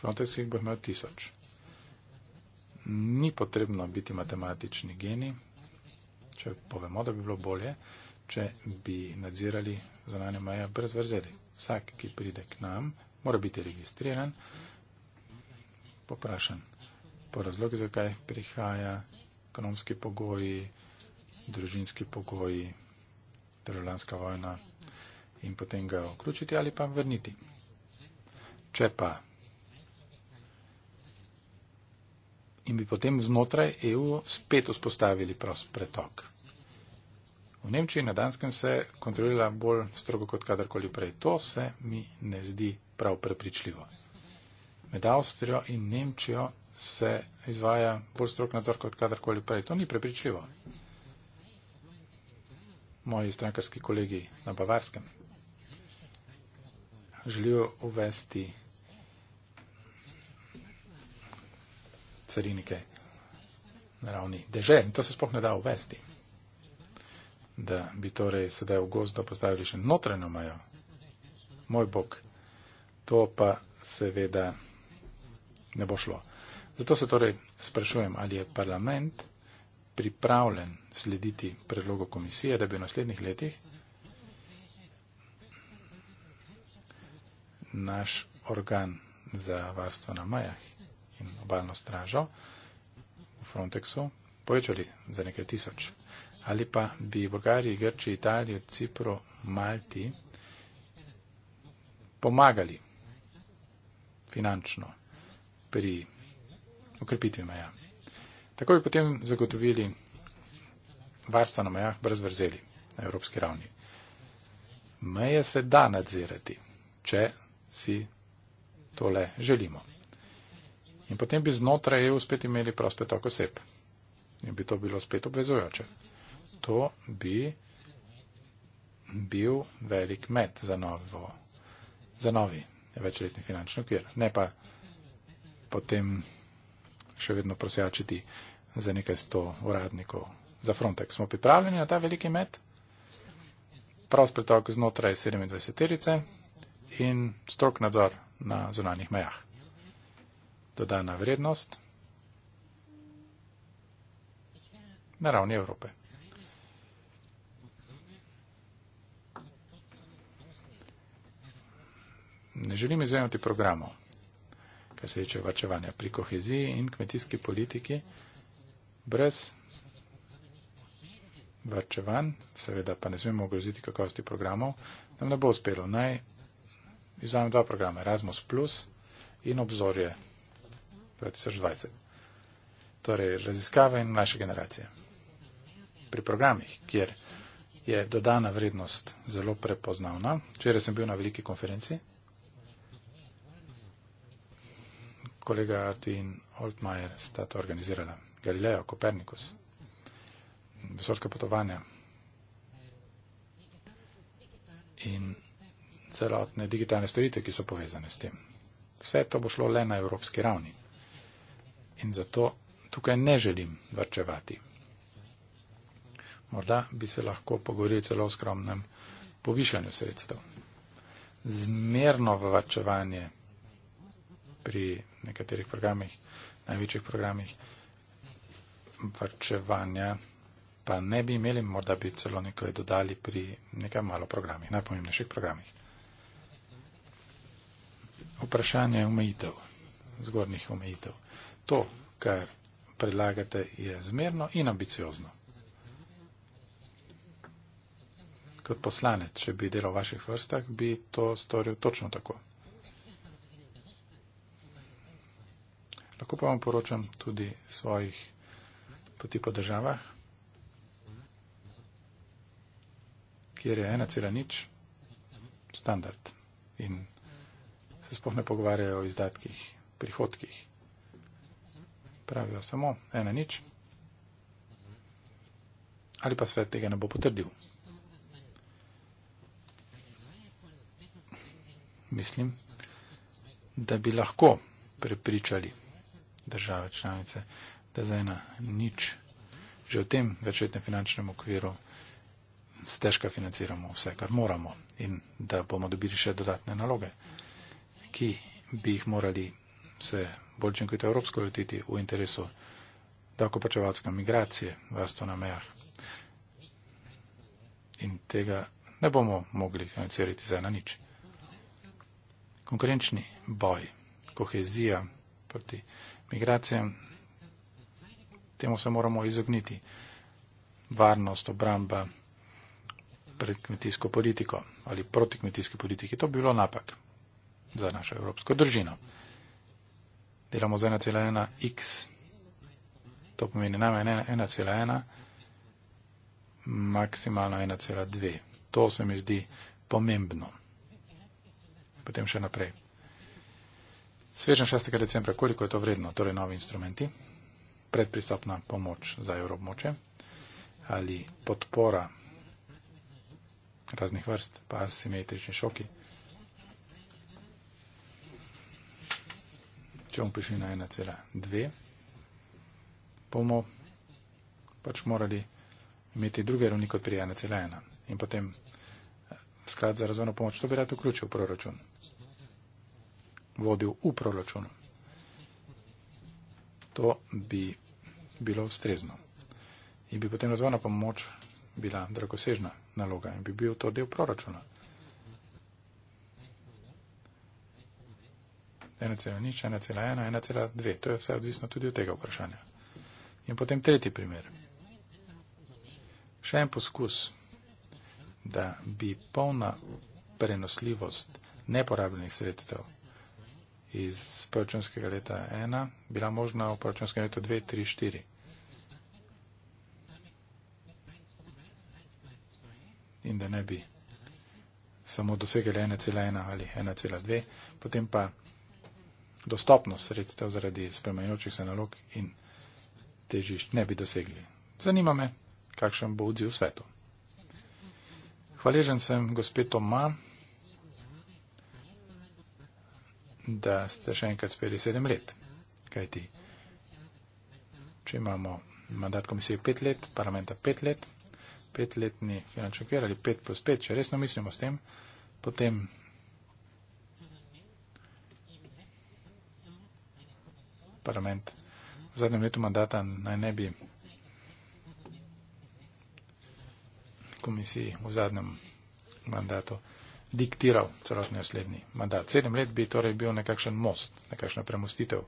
Frontex jih bo imel tisoč ni potrebno biti matematični geni, če povemo, da bi bilo bolje, če bi nadzirali zonanje meje brez vrzeli. Vsak, ki pride k nam, mora biti registriran, poprašen po razlogi, zakaj prihaja, ekonomski pogoji, družinski pogoji, državljanska vojna in potem ga vključiti ali pa vrniti. Če pa in bi potem znotraj EU spet vzpostavili prost pretok. V Nemčiji na Danskem se kontrolira bolj strogo kot kadarkoli prej. To se mi ne zdi prav prepričljivo. Med Avstrijo in Nemčijo se izvaja bolj strok nadzor kot kadarkoli prej. To ni prepričljivo. Moji strankarski kolegi na Bavarskem želijo uvesti carinike na ravni dežel. In to se spoh ne da uvesti. Da bi torej sedaj v gozdo postavili še notranjo mejo. Moj bog, to pa seveda ne bo šlo. Zato se torej sprašujem, ali je parlament pripravljen slediti predlogu komisije, da bi v naslednjih letih naš organ za varstvo na majah in obalno stražo v Frontexu povečali za nekaj tisoč. Ali pa bi Bolgariji, Grčiji, Italiji, Cipru, Malti pomagali finančno pri ukrepitvi meja. Tako bi potem zagotovili varstvo na mejah brez vrzeli na evropski ravni. Meje se da nadzirati, če si tole želimo. In potem bi znotraj EU spet imeli prav spet tako oseb. In bi to bilo spet obvezujoče. To bi bil velik med za, novo, za novi večletni finančni okvir. Ne pa potem še vedno prosjačiti za nekaj sto uradnikov za Frontex. Smo pripravljeni na ta veliki med, prav spretok znotraj 27-terice in strok nadzor na zunanjih mejah dodana vrednost na ravni Evrope. Ne želim izvemati programov, kar se reče vrčevanja pri koheziji in kmetijski politiki, brez vrčevanj, seveda pa ne smemo ogroziti kakovosti programov, nam ne bo uspelo. Naj izvajam dva programa, Erasmus Plus in obzorje programov. 2020. Torej, raziskave in mlajše generacije. Pri programih, kjer je dodana vrednost zelo prepoznavna. Včeraj sem bil na veliki konferenci. Kolega Artin Oldmajer sta to organizirala. Galileo, Kopernikus, vesoljska potovanja in celotne digitalne storitve, ki so povezane s tem. Vse to bo šlo le na evropski ravni in zato tukaj ne želim varčevati. Morda bi se lahko pogovorili celo o skromnem povišanju sredstev. Zmerno varčevanje pri nekaterih programih, največjih programih varčevanja, pa ne bi imeli, morda bi celo nekaj dodali pri nekaj malo programih, najpomembnejših programih. Vprašanje omejitev, zgornjih omejitev to, kar predlagate, je zmerno in ambiciozno. Kot poslanec, če bi delal v vaših vrstah, bi to storil točno tako. Lahko pa vam poročam tudi svojih poti po državah, kjer je ena cela nič standard in se sploh ne pogovarjajo o izdatkih, prihodkih pravijo samo ena nič. Ali pa svet tega ne bo potrdil. Mislim, da bi lahko prepričali države članice, da za ena nič že v tem večletnem finančnem okviru stežka financiramo vse, kar moramo in da bomo dobili še dodatne naloge, ki bi jih morali se bolj činkovito evropsko lotiti v interesu davkoplačevalske migracije, varstvo na mejah. In tega ne bomo mogli financirati za na nič. Konkurenčni boj, kohezija proti migracijam, temu se moramo izogniti. Varnost, obramba pred kmetijsko politiko ali proti kmetijski politiki, to bi bilo napak za našo evropsko držino delamo z 1,1x, to pomeni najmanj 1,1, maksimalno 1,2. To se mi zdi pomembno. Potem še naprej. Svežen 6. decembra, koliko je to vredno, torej novi instrumenti, predpristopna pomoč za evroobmoče ali podpora raznih vrst, pa asimetrični šoki. če bom prišli na 1,2, bomo pač morali imeti druge ravni kot pri 1,1 in potem eh, sklad za razvojno pomoč. To bi rad vključil v proračun, vodil v proračun. To bi bilo ustrezno. In bi potem razvojna pomoč bila dragosežna naloga in bi bil to del proračuna. 1,0, 1,1, 1,2. To je vse odvisno tudi od tega vprašanja. In potem tretji primer. Še en poskus, da bi polna prenosljivost neporabljenih sredstev iz proračunskega leta 1 bila možna v proračunskem letu 2, 3, 4. In da ne bi samo dosegli 1,1 ali 1,2, potem pa dostopnost sredstev zaradi spremenjočih se nalog in težišč ne bi dosegli. Zanima me, kakšen bo odziv svetu. Hvaležen sem gospe Toma, da ste še enkrat speli sedem let. Kajti, če imamo mandat komisije pet let, parlamenta pet let, petletni finančni okvir ali pet plus pet, če resno mislimo s tem, potem parlament. V zadnjem letu mandata naj ne bi komisiji v zadnjem mandatu diktiral celotni naslednji mandat. Sedem let bi torej bil nekakšen most, nekakšna premustitev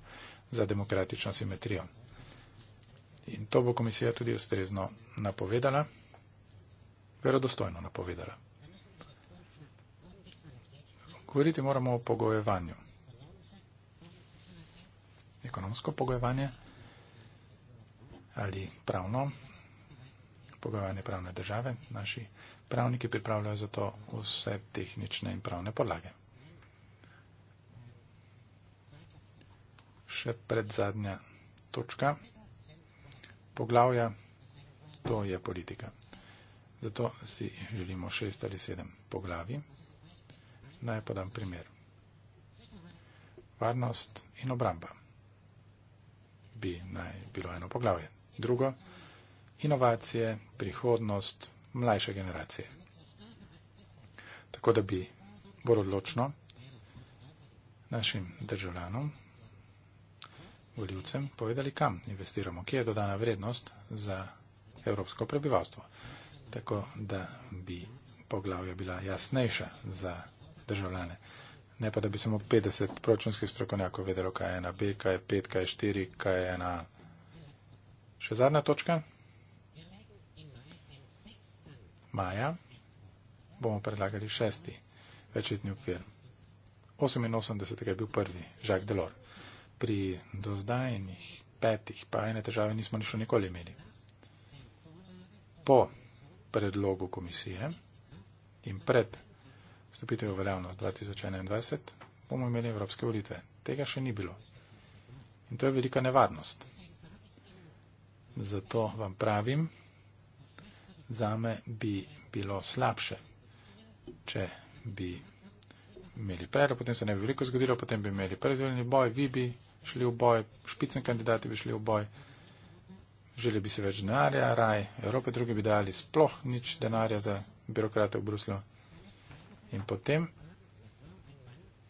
za demokratično simetrijo. In to bo komisija tudi ustrezno napovedala, verodostojno napovedala. Govoriti moramo o pogojevanju ekonomsko pogojevanje ali pravno pogojevanje pravne države. Naši pravniki pripravljajo za to vse tehnične in pravne podlage. Še predzadnja točka poglavja, to je politika. Zato si želimo šest ali sedem poglavi. Naj podam primer. Varnost in obramba bi naj bilo eno poglavje. Drugo, inovacije, prihodnost, mlajše generacije. Tako da bi bolj odločno našim državljanom, voljivcem povedali, kam investiramo, kje je dodana vrednost za evropsko prebivalstvo. Tako da bi poglavja bila jasnejša za državljane ne pa da bi samo 50 proračunskih strokovnjakov vedelo, kaj je ena B, kaj je 5, kaj je 4, kaj je ena. Še zadnja točka. Maja bomo predlagali šesti večletni okvir. 88. je bil prvi, Žak Delor. Pri dozdajnih petih pa ene težave nismo ni še nikoli imeli. Po predlogu komisije in pred vstopitev v veljavnost 2021, bomo imeli evropske volitve. Tega še ni bilo. In to je velika nevarnost. Zato vam pravim, zame bi bilo slabše, če bi imeli predlog, potem se ne bi veliko zgodilo, potem bi imeli predvoljeni boj, vi bi šli v boj, špicen kandidati bi šli v boj, želi bi se več denarja, raj Evrope, drugi bi dali sploh nič denarja za birokrate v Bruslju. In potem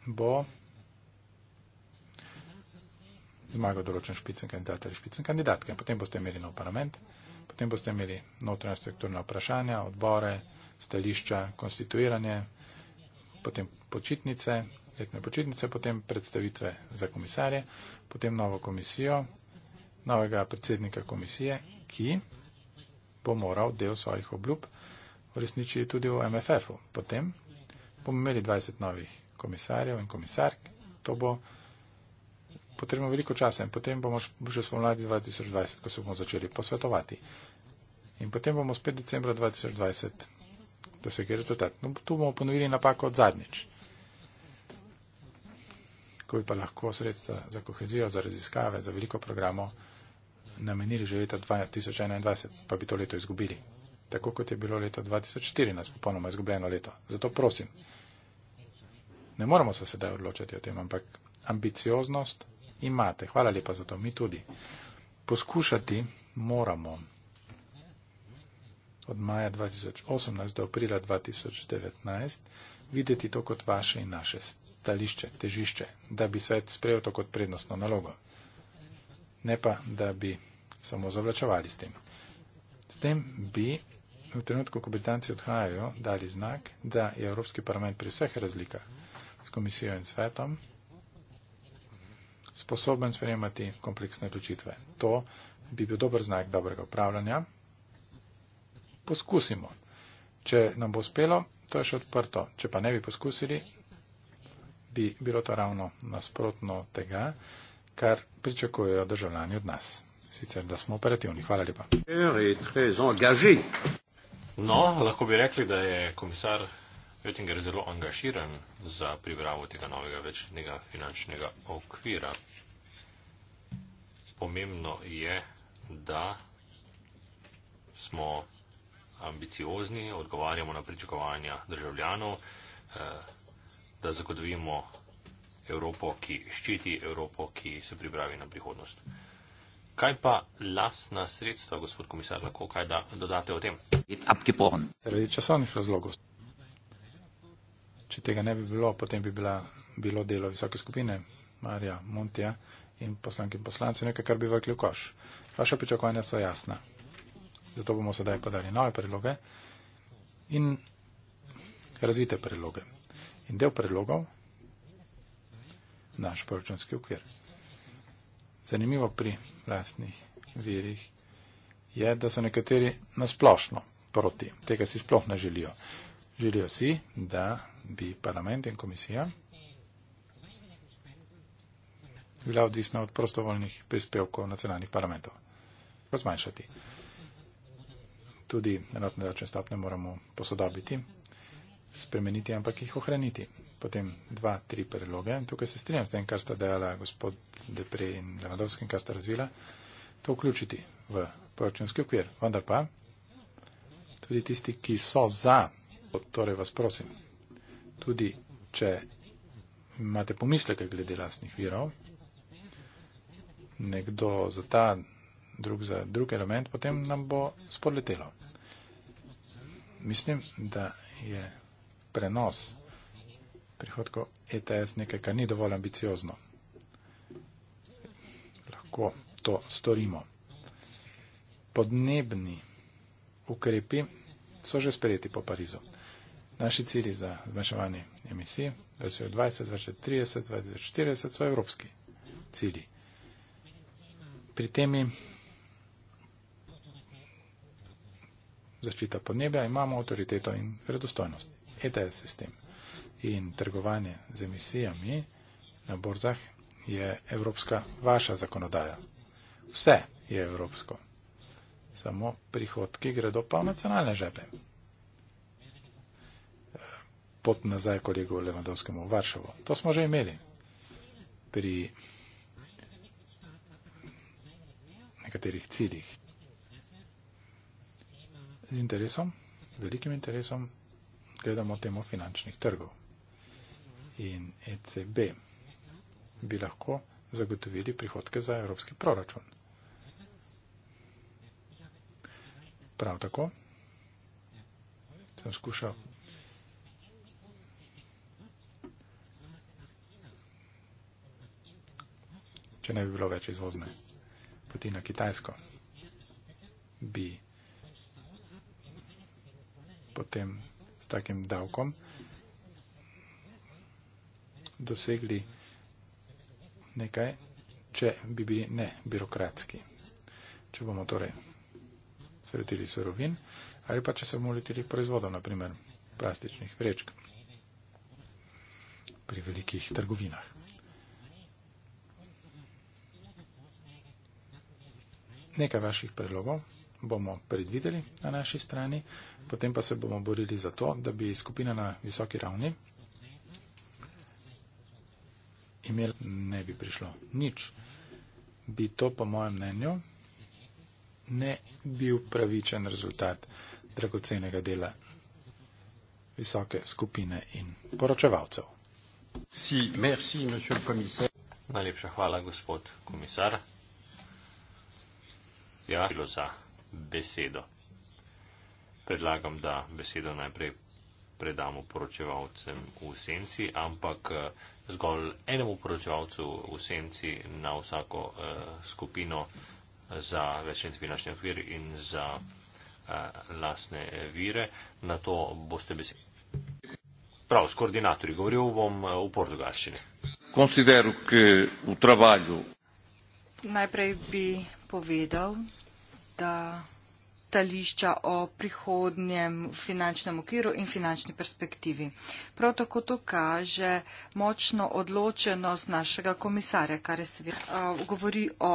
bo zmagal določen špicen kandidat ali špicen kandidatka. In potem boste imeli nov parlament, potem boste imeli notranja strukturna vprašanja, odbore, stališča, konstituiranje, potem počitnice, letne počitnice, potem predstavitve za komisarje, potem novo komisijo, novega predsednika komisije, ki bo moral del svojih obljub uresničiti tudi v MFF-u. Potem bomo imeli 20 novih komisarjev in komisark. To bo potrebno veliko časa in potem bomo že spomladi 2020, ko se bomo začeli posvetovati. In potem bomo spet decembra 2020 dosegli rezultat. No, tu bomo ponovili napako od zadnjič. Ko bi pa lahko sredstva za kohezijo, za raziskave, za veliko programov namenili že leta 2021, pa bi to leto izgubili tako kot je bilo leto 2014, popolnoma izgubljeno leto. Zato prosim, ne moramo se sedaj odločati o tem, ampak ambicioznost imate. Hvala lepa za to, mi tudi. Poskušati moramo od maja 2018 do aprila 2019 videti to kot vaše in naše stališče, težišče, da bi svet sprejel to kot prednostno nalogo. Ne pa, da bi samo zavlačevali s tem. S tem bi v trenutku, ko Britanci odhajajo, dali znak, da je Evropski parlament pri vseh razlikah s komisijo in svetom sposoben sprejemati kompleksne odločitve. To bi bil dober znak dobrega upravljanja. Poskusimo. Če nam bo uspelo, to je še odprto. Če pa ne bi poskusili, bi bilo to ravno nasprotno tega, kar pričakujejo državljani od nas. Sicer, da smo operativni. Hvala lepa. No, lahko bi rekli, da je komisar Oettinger zelo angažiran za pripravo tega novega večletnega finančnega okvira. Pomembno je, da smo ambiciozni, odgovarjamo na pričakovanja državljanov, eh, da zagotovimo Evropo, ki ščiti Evropo, ki se pripravi na prihodnost. Kaj pa lasna sredstva, gospod komisar, lahko kaj da dodate o tem? Zaradi časovnih razlogov. Če tega ne bi bilo, potem bi bila, bilo delo visoke skupine Marja Montija in poslanki in poslanci nekaj, kar bi vrkli v koš. Vaša pričakovanja so jasna. Zato bomo sedaj podali nove predloge in razvite predloge. In del predlogov naš proračunski ukvir. Zanimivo pri lastnih virih je, da so nekateri nasplošno proti. Tega si sploh ne želijo. Želijo si, da bi parlament in komisija bila odvisna od prostovoljnih prispevkov nacionalnih parlamentov. To zmanjšati. Tudi enotne davčne stopne moramo posodobiti, spremeniti, ampak jih ohraniti potem dva, tri predloge. Tukaj se strinjam s tem, kar sta dejala gospod Depre in Levandovski, kar sta razvila, to vključiti v proračunski okvir. Vendar pa tudi tisti, ki so za, torej vas prosim, tudi če imate pomisleke glede lastnih virov, nekdo za ta, drug za drug element, potem nam bo spodletelo. Mislim, da je prenos prihodkov ETS nekaj, kar ni dovolj ambiciozno. Lahko to storimo. Podnebni ukrepi so že sprejeti po Parizu. Naši cilji za zmanjševanje emisij 2020, 2030, 2040 so evropski cilji. Pri temi zaščita podnebja imamo avtoriteto in verodostojnost. ETS sistem in trgovanje z emisijami na borzah je evropska vaša zakonodaja. Vse je evropsko. Samo prihodki gredo pa v nacionalne žepe. Pot nazaj kolegu Levandovskemu v Varšavo. To smo že imeli pri nekaterih ciljih. Z interesom, velikim interesom, gledamo temo finančnih trgov in ECB bi lahko zagotovili prihodke za evropski proračun. Prav tako sem skušal če ne bi bilo več izvozne poti na Kitajsko, bi potem s takim davkom dosegli nekaj, če bi bili ne birokratski. Če bomo torej sredili surovin ali pa če se bomo letili proizvodov, naprimer plastičnih vrečk pri velikih trgovinah. Nekaj vaših predlogov bomo predvideli na naši strani, potem pa se bomo borili za to, da bi skupina na visoki ravni imeli, ne bi prišlo nič. Bi to, po mojem mnenju, ne bil pravičen rezultat dragocenega dela visoke skupine in poročevalcev. Si, merci, monsieur komisar. Najlepša hvala, gospod komisar. Ja, bilo za besedo. Predlagam, da besedo najprej predamo poročevalcem v senci, ampak eh, zgolj enemu poročevalcu v senci na vsako uh, skupino eh, za večni finančni okvir in za uh, eh, lasne vire. Na to boste besedili. Prav, s koordinatorji. Govoril bom v portugalščini. Considero, ki v trabalju. Najprej bi povedal, da stališča o prihodnjem finančnem okviru in finančni perspektivi. Prav tako to kaže močno odločenost našega komisarja, kar je seveda govori o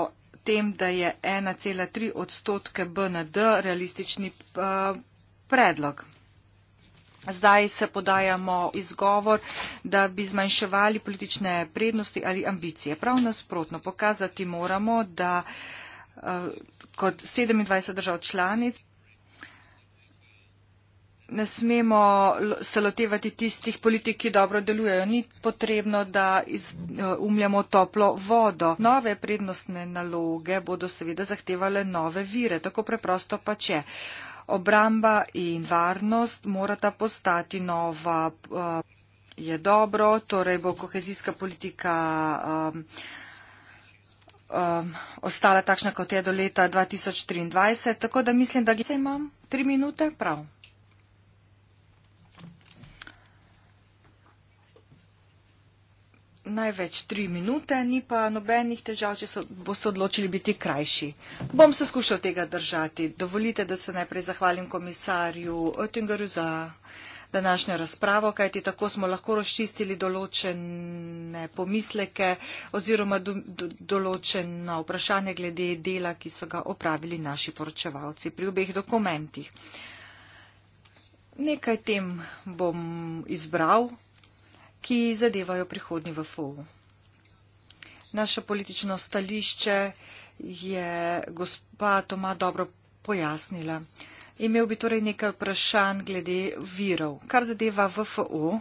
tem, da je 1,3 odstotke BND realistični predlog. Zdaj se podajamo izgovor, da bi zmanjševali politične prednosti ali ambicije. Prav nasprotno, pokazati moramo, da Eh, kot 27 držav članic. Ne smemo se lotevati tistih politik, ki dobro delujejo. Ni potrebno, da eh, umljamo toplo vodo. Nove prednostne naloge bodo seveda zahtevale nove vire. Tako preprosto pa če. Obramba in varnost morata postati nova. Eh, je dobro, torej bo kohezijska politika. Um, Um, ostala takšna, kot je do leta 2023. Tako da mislim, da se imam tri minute prav. Največ tri minute, ni pa nobenih težav, če so, boste odločili biti krajši. Bom se skušal tega držati. Dovolite, da se najprej zahvalim komisarju Oettingeru za današnjo razpravo, kajti tako smo lahko razčistili določene pomisleke oziroma do, do, določeno vprašanje glede dela, ki so ga opravili naši poročevalci pri obeh dokumentih. Nekaj tem bom izbral, ki zadevajo prihodnji v FOU. Naše politično stališče je gospa Toma dobro pojasnila. Imel bi torej nekaj vprašanj glede virov. Kar zadeva VFO,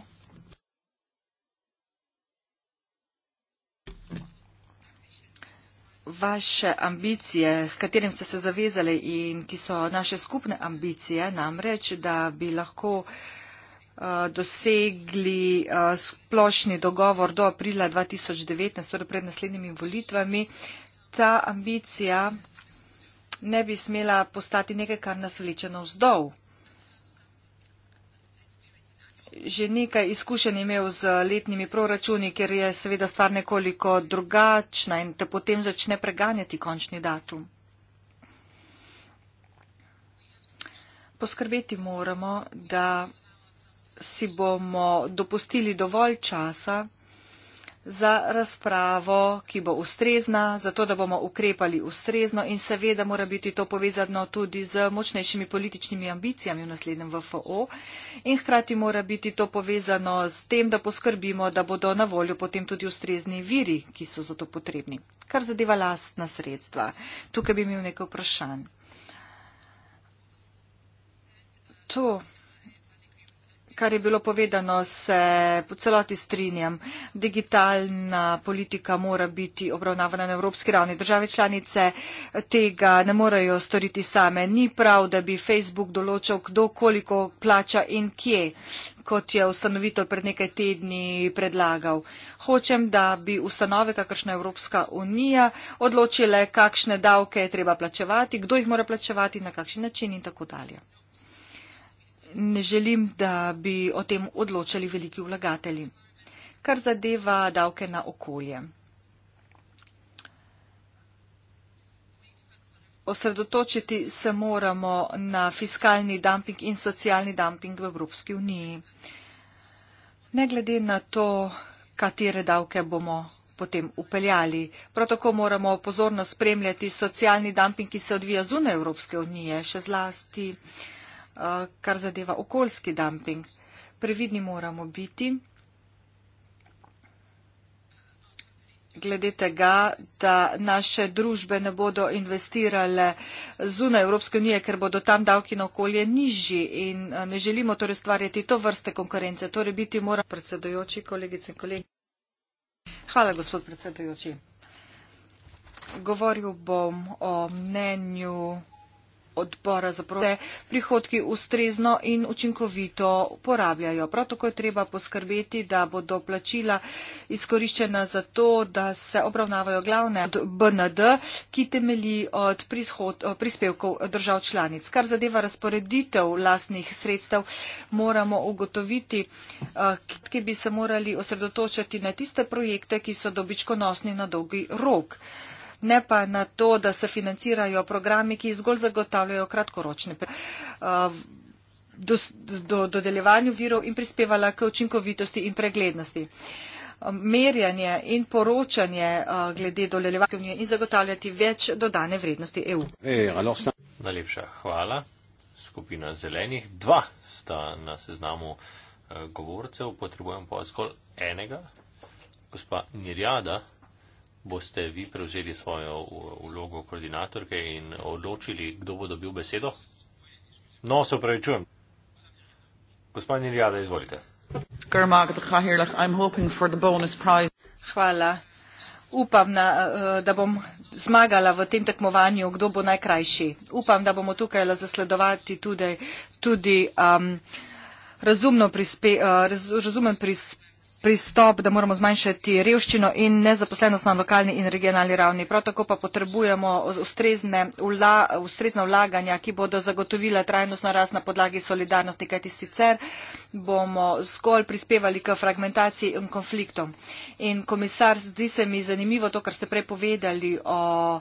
vaše ambicije, h katerim ste se zavezali in ki so naše skupne ambicije, namreč, da bi lahko eh, dosegli eh, splošni dogovor do aprila 2019, torej pred naslednjimi volitvami. Ta ambicija, ne bi smela postati nekaj, kar nas vleče navzdol. Že nekaj izkušenj imel z letnimi proračuni, ker je seveda stvar nekoliko drugačna in te potem začne preganjati končni datum. Poskrbeti moramo, da si bomo dopustili dovolj časa, za razpravo, ki bo ustrezna, zato da bomo ukrepali ustrezno in seveda mora biti to povezano tudi z močnejšimi političnimi ambicijami v naslednjem VFO in hkrati mora biti to povezano s tem, da poskrbimo, da bodo na voljo potem tudi ustrezni viri, ki so za to potrebni. Kar zadeva lastna sredstva. Tukaj bi imel nekaj vprašanj. To, kar je bilo povedano, se po celoti strinjam. Digitalna politika mora biti obravnavana na evropski ravni. Države članice tega ne morejo storiti same. Ni prav, da bi Facebook določal, kdo koliko plača in kje, kot je ustanovitelj pred nekaj tedni predlagal. Hočem, da bi ustanove, kakršna Evropska unija, odločile, kakšne davke je treba plačevati, kdo jih mora plačevati, na kakšen način in tako dalje ne želim, da bi o tem odločali veliki vlagatelji. Kar zadeva davke na okolje. Osredotočiti se moramo na fiskalni dumping in socialni dumping v Evropski uniji. Ne glede na to, katere davke bomo potem upeljali. Prav tako moramo pozorno spremljati socialni dumping, ki se odvija zunaj Evropske unije, še zlasti uh, Eh, kar zadeva okoljski dumping. Previdni moramo biti glede tega, da naše družbe ne bodo investirale zunaj Evropske unije, ker bodo tam davki na okolje nižji in eh, ne želimo torej stvarjati to vrste konkurence. Torej biti mora predsedojoči, kolegice in kolegi. Hvala, gospod predsedojoči. Govoril bom o mnenju odpora za proračun, prihodki ustrezno in učinkovito uporabljajo. Prav tako je treba poskrbeti, da bodo plačila izkoriščena za to, da se obravnavajo glavne od BND, ki temelji od prihod, prispevkov držav članic. Kar zadeva razporeditev lastnih sredstev, moramo ugotoviti, eh, ki bi se morali osredotočati na tiste projekte, ki so dobičkonosni na dolgi rok ne pa na to, da se financirajo programi, ki zgolj zagotavljajo kratkoročne eh, do dodeljevanju do virov in prispevala k učinkovitosti in preglednosti. Merjanje in poročanje eh, glede doljevanja unije in zagotavljati več dodane vrednosti EU. E, Najlepša hvala. Skupina zelenih. Dva sta na seznamu eh, govorcev, potrebujem pa zgolj enega. Gospa Nirjada boste vi prevzeli svojo vlogo koordinatorke in odločili, kdo bo dobil besedo? No, se upravičujem. Gospod Nirjada, izvolite. Hvala. Upam, na, eh, da bom zmagala v tem tekmovanju, kdo bo najkrajši. Upam, da bomo tukaj lahko zasledovati tudi, tudi um, prispe, uh, raz, razumen prispevek pristop, da moramo zmanjšati revščino in nezaposlenost na lokalni in regionalni ravni. Prav tako pa potrebujemo ustrezne, vla, ustrezne vlaganja, ki bodo zagotovila trajnostno rast na podlagi solidarnosti, kajti sicer bomo zgolj prispevali k fragmentaciji in konfliktom. In komisar, zdi se mi zanimivo to, kar ste prepovedali o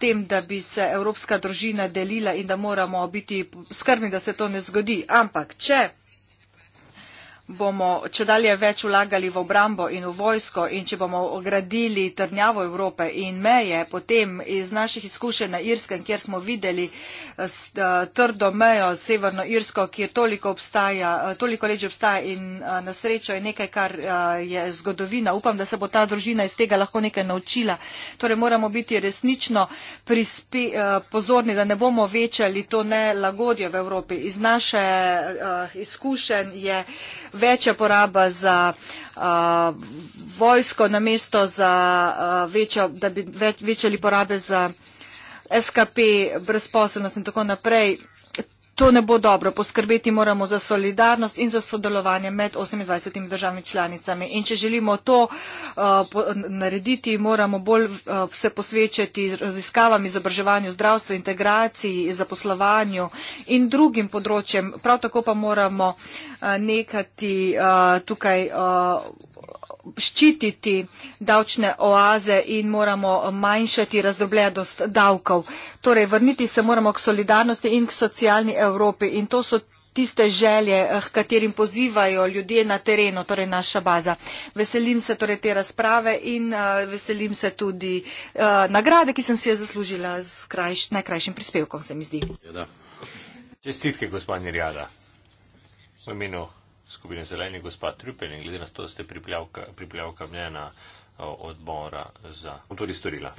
tem, da bi se evropska družina delila in da moramo biti skrbni, da se to ne zgodi. Ampak, če bomo čedalje več vlagali v obrambo in v vojsko in če bomo ogradili trnjavo Evrope in meje, potem iz naših izkušenj na Irskem, kjer smo videli eh, eh, trdo mejo Severno Irsko, kjer toliko, obstaja, eh, toliko leč obstaja in na srečo je nekaj, kar je zgodovina. Upam, da se bo ta družina iz tega lahko nekaj naučila. Torej moramo biti resnično prispe, pozorni, da ne bomo večali to nelagodje v Evropi. Iz naše izkušenj je večja poraba za uh, vojsko na mesto, za, uh, večjo, da bi več, večali porabe za SKP, brezposobnost in tako naprej. To ne bo dobro. Poskrbeti moramo za solidarnost in za sodelovanje med 28 državami članicami. In če želimo to uh, narediti, moramo bolj uh, se posvečati raziskavam, izobraževanju, zdravstvu, integraciji, zaposlovanju in drugim področjem. Prav tako pa moramo uh, nekati uh, tukaj. Uh, ščititi davčne oaze in moramo manjšati razdrobljenost davkov. Torej, vrniti se moramo k solidarnosti in k socialni Evropi in to so tiste želje, k eh, katerim pozivajo ljudje na terenu, torej naša baza. Veselim se torej te razprave in uh, veselim se tudi uh, nagrade, ki sem si jo zaslužila z krajš, najkrajšim prispevkom, se mi zdi. Ja, Čestitke, gospod Nirjada. V imenu skupine zeleni gospa Trupel in glede na to, da ste pripeljal kamne na odbora za tudi storila.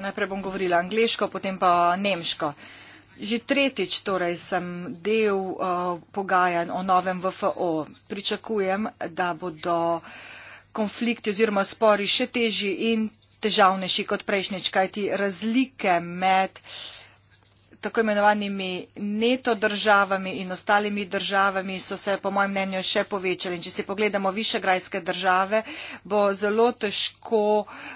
Najprej bom govorila angliško, potem pa nemško. Že tretjič torej sem del uh, pogajanj o novem VFO. Pričakujem, da bodo konflikti oziroma spori še težji in težavnejši kot prejšnjič, kajti razlike med uh, tako imenovanimi neto državami in ostalimi državami so se po mojem mnenju še povečali. In če si pogledamo višegrajske države, bo zelo težko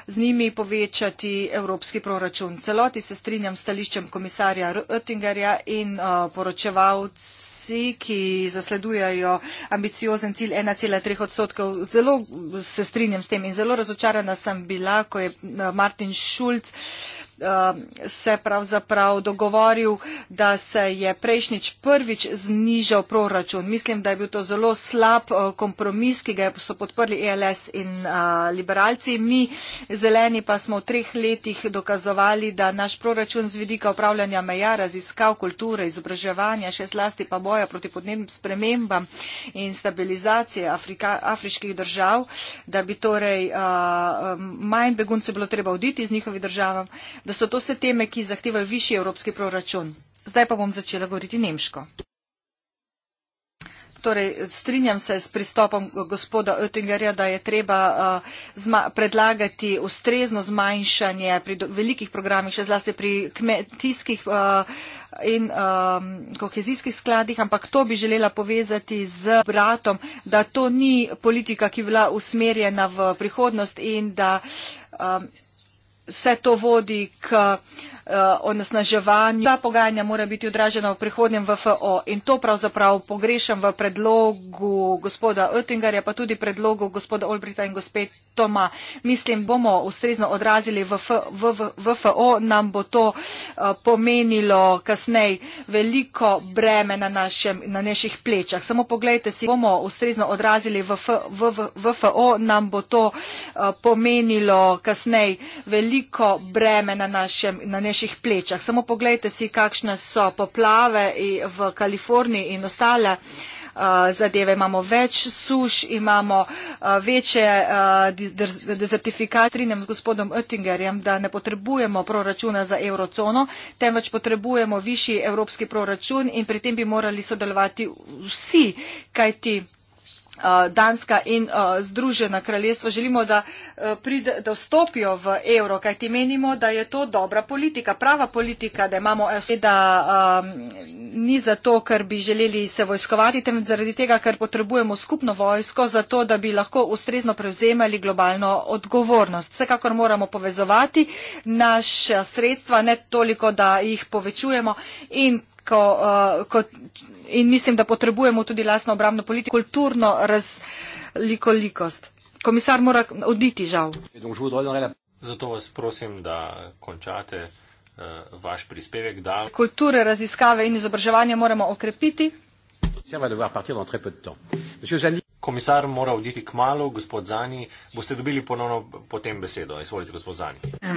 z njimi povečati evropski proračun. Celoti se strinjam s stališčem komisarja Oettingerja in uh, poročevalci, ki zasledujajo ambiciozen cilj 1,3 odstotkov. Zelo se strinjam s tem in zelo razočarana sem bila, ko je uh, Martin Schulz Um, se pravzaprav dogovoril, da se je prejšnjič prvič znižal proračun. Mislim, da je bil to zelo slab uh, kompromis, ki ga so podprli ELS in uh, liberalci. Mi zeleni pa smo v treh letih dokazovali, da naš proračun z vidika upravljanja meja, raziskav, kulture, izobraževanja, še zlasti pa boja proti podnebnim spremembam in stabilizacije Afrika, afriških držav, da bi torej uh, um, manj beguncev bilo treba oditi iz njihovih držav, da so to vse teme, ki zahtevajo višji evropski proračun. Zdaj pa bom začela govoriti nemško. Torej, strinjam se s pristopom gospoda Oettingerja, da je treba uh, predlagati ustrezno zmanjšanje pri velikih programih, še zlasti pri kmetijskih uh, in um, kohezijskih skladih, ampak to bi želela povezati z bratom, da to ni politika, ki je bila usmerjena v prihodnost in da. Um, vse to vodi k eh, onesnaževanju. Ta pogajanja mora biti odražena v prihodnjem VFO in to pravzaprav pogrešam v predlogu gospoda Oettingerja, pa tudi predlogu gospoda Olbrita in gospe letoma, mislim, bomo ustrezno odrazili v VFO, nam bo to eh, pomenilo kasnej veliko breme na, našem, na naših plečah. Samo pogledajte si, bomo ustrezno odrazili v VFO, nam bo to eh, pomenilo kasnej veliko breme na, našem, na naših plečah. Samo pogledajte si, kakšne so poplave v Kaliforniji in ostale. Eh, zadeve. Imamo več suš, imamo eh, večje eh, dezertifikacije. Trinjam z gospodom Oettingerjem, da ne potrebujemo proračuna za eurocono, temveč potrebujemo višji evropski proračun in pri tem bi morali sodelovati vsi, kajti Eh, Danska in eh, Združena kraljestva želimo, da, eh, pride, da vstopijo v evro, kajti menimo, da je to dobra politika, prava politika, da imamo SOE, da um, ni zato, ker bi želeli se vojskovati, temveč zaradi tega, ker potrebujemo skupno vojsko, zato da bi lahko ustrezno prevzemali globalno odgovornost. Vsekakor moramo povezovati naša sredstva, ne toliko, da jih povečujemo in ko, uh, ko, in mislim, da potrebujemo tudi lasno obramno politiko, kulturno razlikolikost. Komisar mora oditi, žal. Zato vas prosim, da končate uh, vaš prispevek. Da... Kulture, raziskave in izobraževanje moramo okrepiti. Zani komisar mora oditi k malu, gospod Zani, boste dobili ponovno potem besedo. Izvolite, gospod Zani. Eh,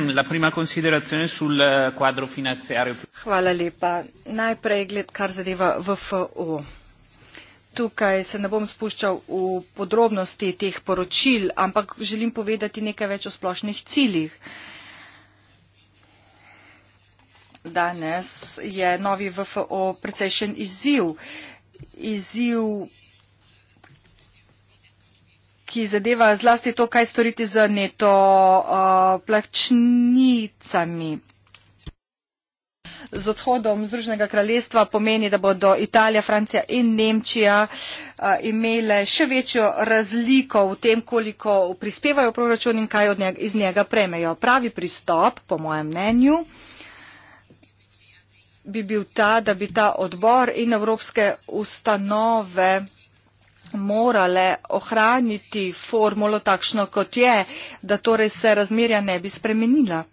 Hvala lepa. Najprej gled, kar zadeva VFO. Tukaj se ne bom spuščal v podrobnosti teh poročil, ampak želim povedati nekaj več o splošnih ciljih. Danes je novi VFO precejšen izziv. Izziv ki zadeva zlasti to, kaj storiti z neto uh, plačnicami. Z odhodom Združenega kraljestva pomeni, da bodo Italija, Francija in Nemčija uh, imele še večjo razliko v tem, koliko prispevajo proračun in kaj od njega, iz njega premejo. Pravi pristop, po mojem mnenju, bi bil ta, da bi ta odbor in evropske ustanove morale ohraniti formulo takšno, kot je, da torej se razmerja ne bi spremenila.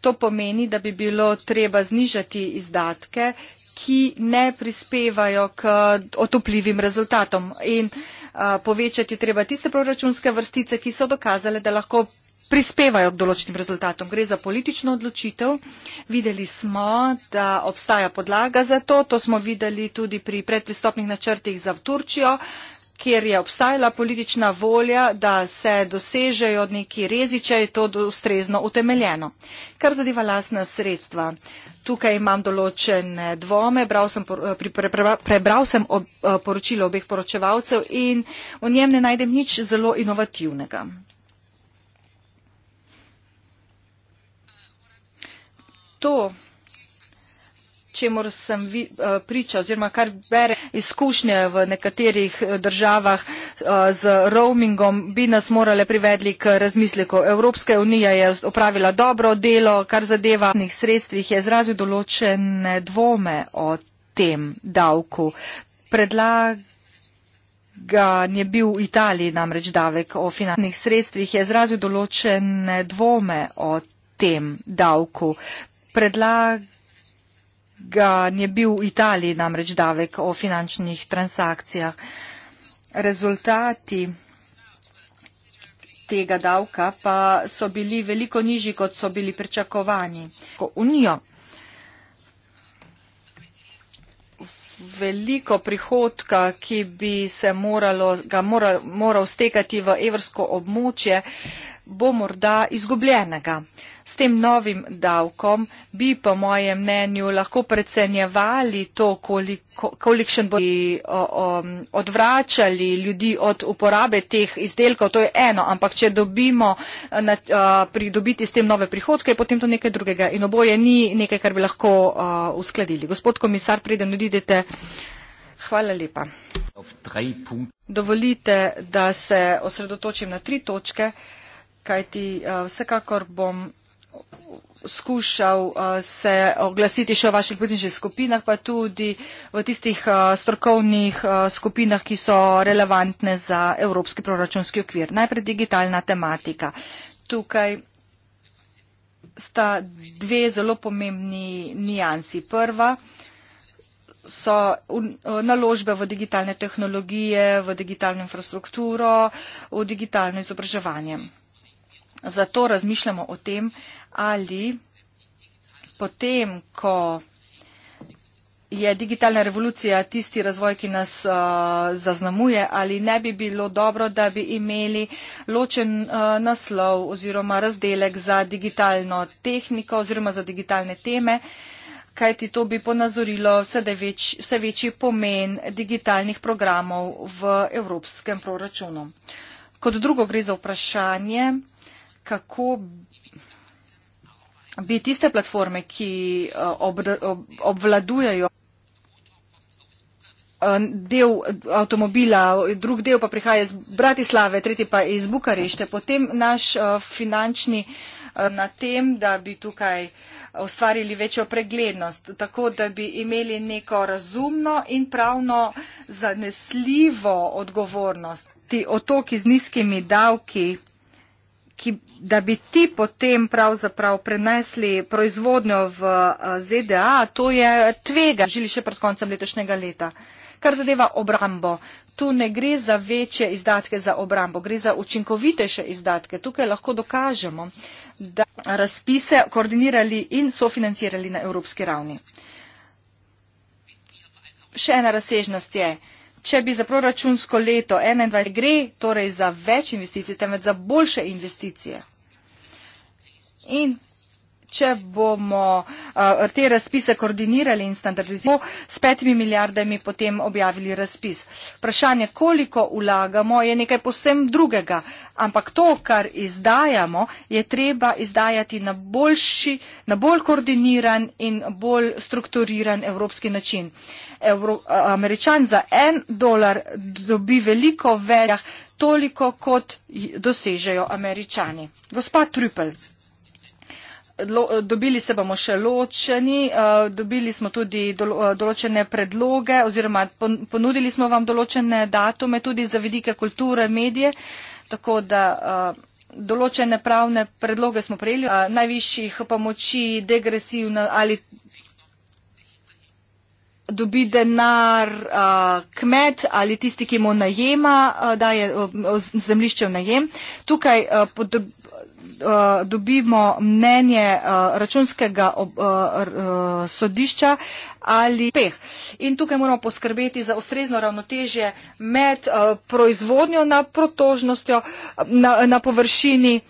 To pomeni, da bi bilo treba znižati izdatke, ki ne prispevajo k otopljivim rezultatom in a, povečati treba tiste proračunske vrstice, ki so dokazale, da lahko prispevajo k določenim rezultatom. Gre za politično odločitev. Videli smo, da obstaja podlaga za to. To smo videli tudi pri predpristopnih načrtih za Turčijo, kjer je obstajala politična volja, da se dosežejo neki rezi, če je to ustrezno utemeljeno. Kar zadeva lasna sredstva. Tukaj imam določene dvome, prebral sem, pre, pre, pre, prebral sem ob, eh, poročilo obeh poročevalcev in v njem ne najdem nič zelo inovativnega. To, čemor sem vi, uh, priča oziroma kar bere izkušnje v nekaterih eh, državah uh, z roamingom, bi nas morale privedli k razmisleku. Evropska unija je opravila dobro delo, kar zadeva v sredstvih, je izrazil določene dvome o tem davku. Predlag je bil v Italiji namreč davek o finančnih sredstvih, je izrazil določene dvome o tem davku. Predlag ga je bil v Italiji namreč davek o finančnih transakcijah. Rezultati tega davka pa so bili veliko nižji, kot so bili pričakovani. Unijo veliko prihodka, ki bi se moralo, ga moral, moral stekati v evrsko območje, bo morda izgubljenega. S tem novim davkom bi, po mojem mnenju, lahko precenjevali to, koliko, kolikšen bo odvračali ljudi od uporabe teh izdelkov. To je eno, ampak če dobimo na, o, pridobiti s tem nove prihodke, potem to nekaj drugega. In oboje ni nekaj, kar bi lahko o, uskladili. Gospod komisar, preden odidete. Hvala lepa. Dovolite, da se osredotočim na tri točke, kajti o, vsekakor bom skušal uh, se oglasiti še v vaših podničnih skupinah, pa tudi v tistih uh, strokovnih uh, skupinah, ki so relevantne za evropski proračunski okvir. Najprej digitalna tematika. Tukaj sta dve zelo pomembni nijansi. Prva so naložbe v digitalne tehnologije, v digitalno infrastrukturo, v digitalno izobraževanje. Zato razmišljamo o tem, ali potem, ko je digitalna revolucija tisti razvoj, ki nas uh, zaznamuje, ali ne bi bilo dobro, da bi imeli ločen uh, naslov oziroma razdelek za digitalno tehniko oziroma za digitalne teme, kajti to bi ponazorilo vse, več, vse večji pomen digitalnih programov v evropskem proračunu. Kot drugo gre za vprašanje, kako bi tiste platforme, ki eh, ob, ob, obvladujajo eh, del avtomobila, drug del pa prihaja iz Bratislave, tretji pa iz Bukarešte, potem naš eh, finančni na tem, da bi tukaj ustvarili večjo preglednost, tako da bi imeli neko razumno in pravno zanesljivo odgovornost. Ti otoki z nizkimi davki ki, da bi ti potem pravzaprav prenesli proizvodnjo v eh, ZDA, to je tvega, želi še pred koncem letošnjega leta. Kar zadeva obrambo, tu ne gre za večje izdatke za obrambo, gre za učinkovitejše izdatke. Tukaj lahko dokažemo, da razpise koordinirali in sofinancirali na evropski ravni. Še ena razsežnost je, če bi za proračunsko leto 2021 gre torej za več investicij, temveč za boljše investicije. In če bomo eh, te razpise koordinirali in standardizirali, s petimi milijardami potem objavili razpis. Vprašanje, koliko vlagamo, je nekaj posem drugega, ampak to, kar izdajamo, je treba izdajati na boljši, na bolj koordiniran in bolj strukturiran evropski način. Evro, eh, američan za en dolar dobi veliko več, toliko kot dosežejo američani. Gospa Trupel. Eh, dobili se bomo še ločeni, eh, dobili smo tudi eh, določene predloge oziroma ponudili smo vam določene datume tudi za vidike kulture, medije, tako da določene pravne predloge smo prejeli, najvišjih pomoči, degresivno ali dobi denar kmet ali tisti, ki mu najema, daje zemlišče v najem. Tukaj podobno uh, dobimo mnenje uh, računskega ob, uh, sodišča ali peh. In tukaj moramo poskrbeti za ustrezno ravnotežje med uh, proizvodnjo na protožnostjo na, na površini,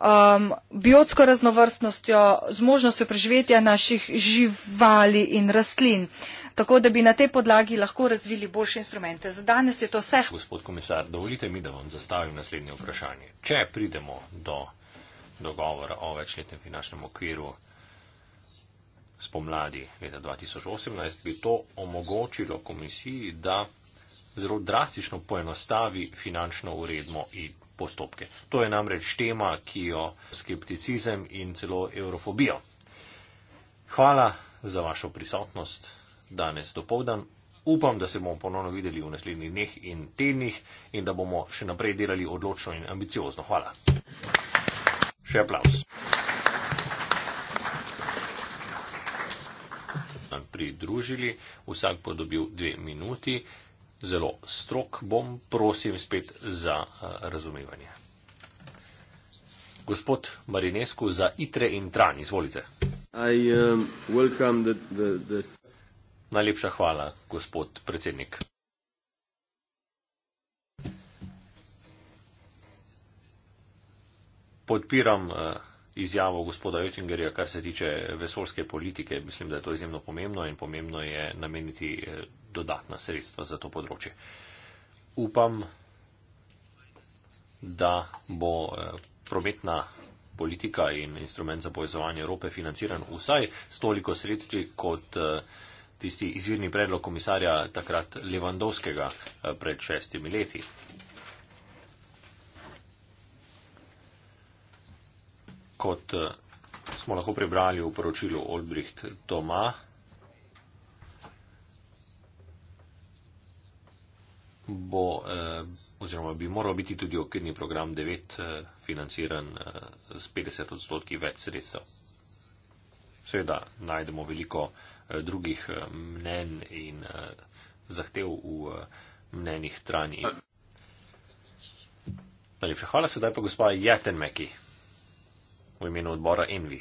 um, biotsko raznovrstnostjo, zmožnostjo preživetja naših živali in rastlin. Uh, tako da bi na tej podlagi lahko razvili boljše instrumente. Za danes je to vse. Gospod komisar, dovolite mi, da vam zastavim naslednje vprašanje. Če pridemo do dogovora o večletnem finančnem okviru spomladi leta 2018, bi to omogočilo komisiji, da zelo drastično poenostavi finančno uredmo in postopke. To je namreč tema, ki jo skepticizem in celo eurofobijo. Hvala za vašo prisotnost danes dopovdan. Upam, da se bomo ponovno videli v naslednjih dneh in tednih in da bomo še naprej delali odločno in ambiciozno. Hvala. Še aplaus. Pridružili, vsak bo dobil dve minuti. Zelo strok bom, prosim spet za eh, razumevanje. Gospod Marinesku za itre in tran, izvolite. I, um, Najlepša hvala, gospod predsednik. Podpiram eh, izjavo gospoda Oettingerja, kar se tiče vesolske politike. Mislim, da je to izjemno pomembno in pomembno je nameniti eh, dodatna sredstva za to področje. Upam, da bo eh, prometna politika in instrument za povezovanje Evrope financiran vsaj s toliko sredstvi kot. Uh, tisti izvirni predlog komisarja takrat Levandovskega eh, pred šestimi leti. Kot eh, smo lahko prebrali v poročilu Olbricht Toma, bo eh, oziroma bi moral biti tudi okvirni program 9 financiran z 50 odstotki več sredstev. Seveda najdemo veliko Eh, drugih eh, mnen in eh, zahtev v mnenih trani. Najlepša hvala, sedaj pa gospa Jatenmeki v imenu odbora Envi.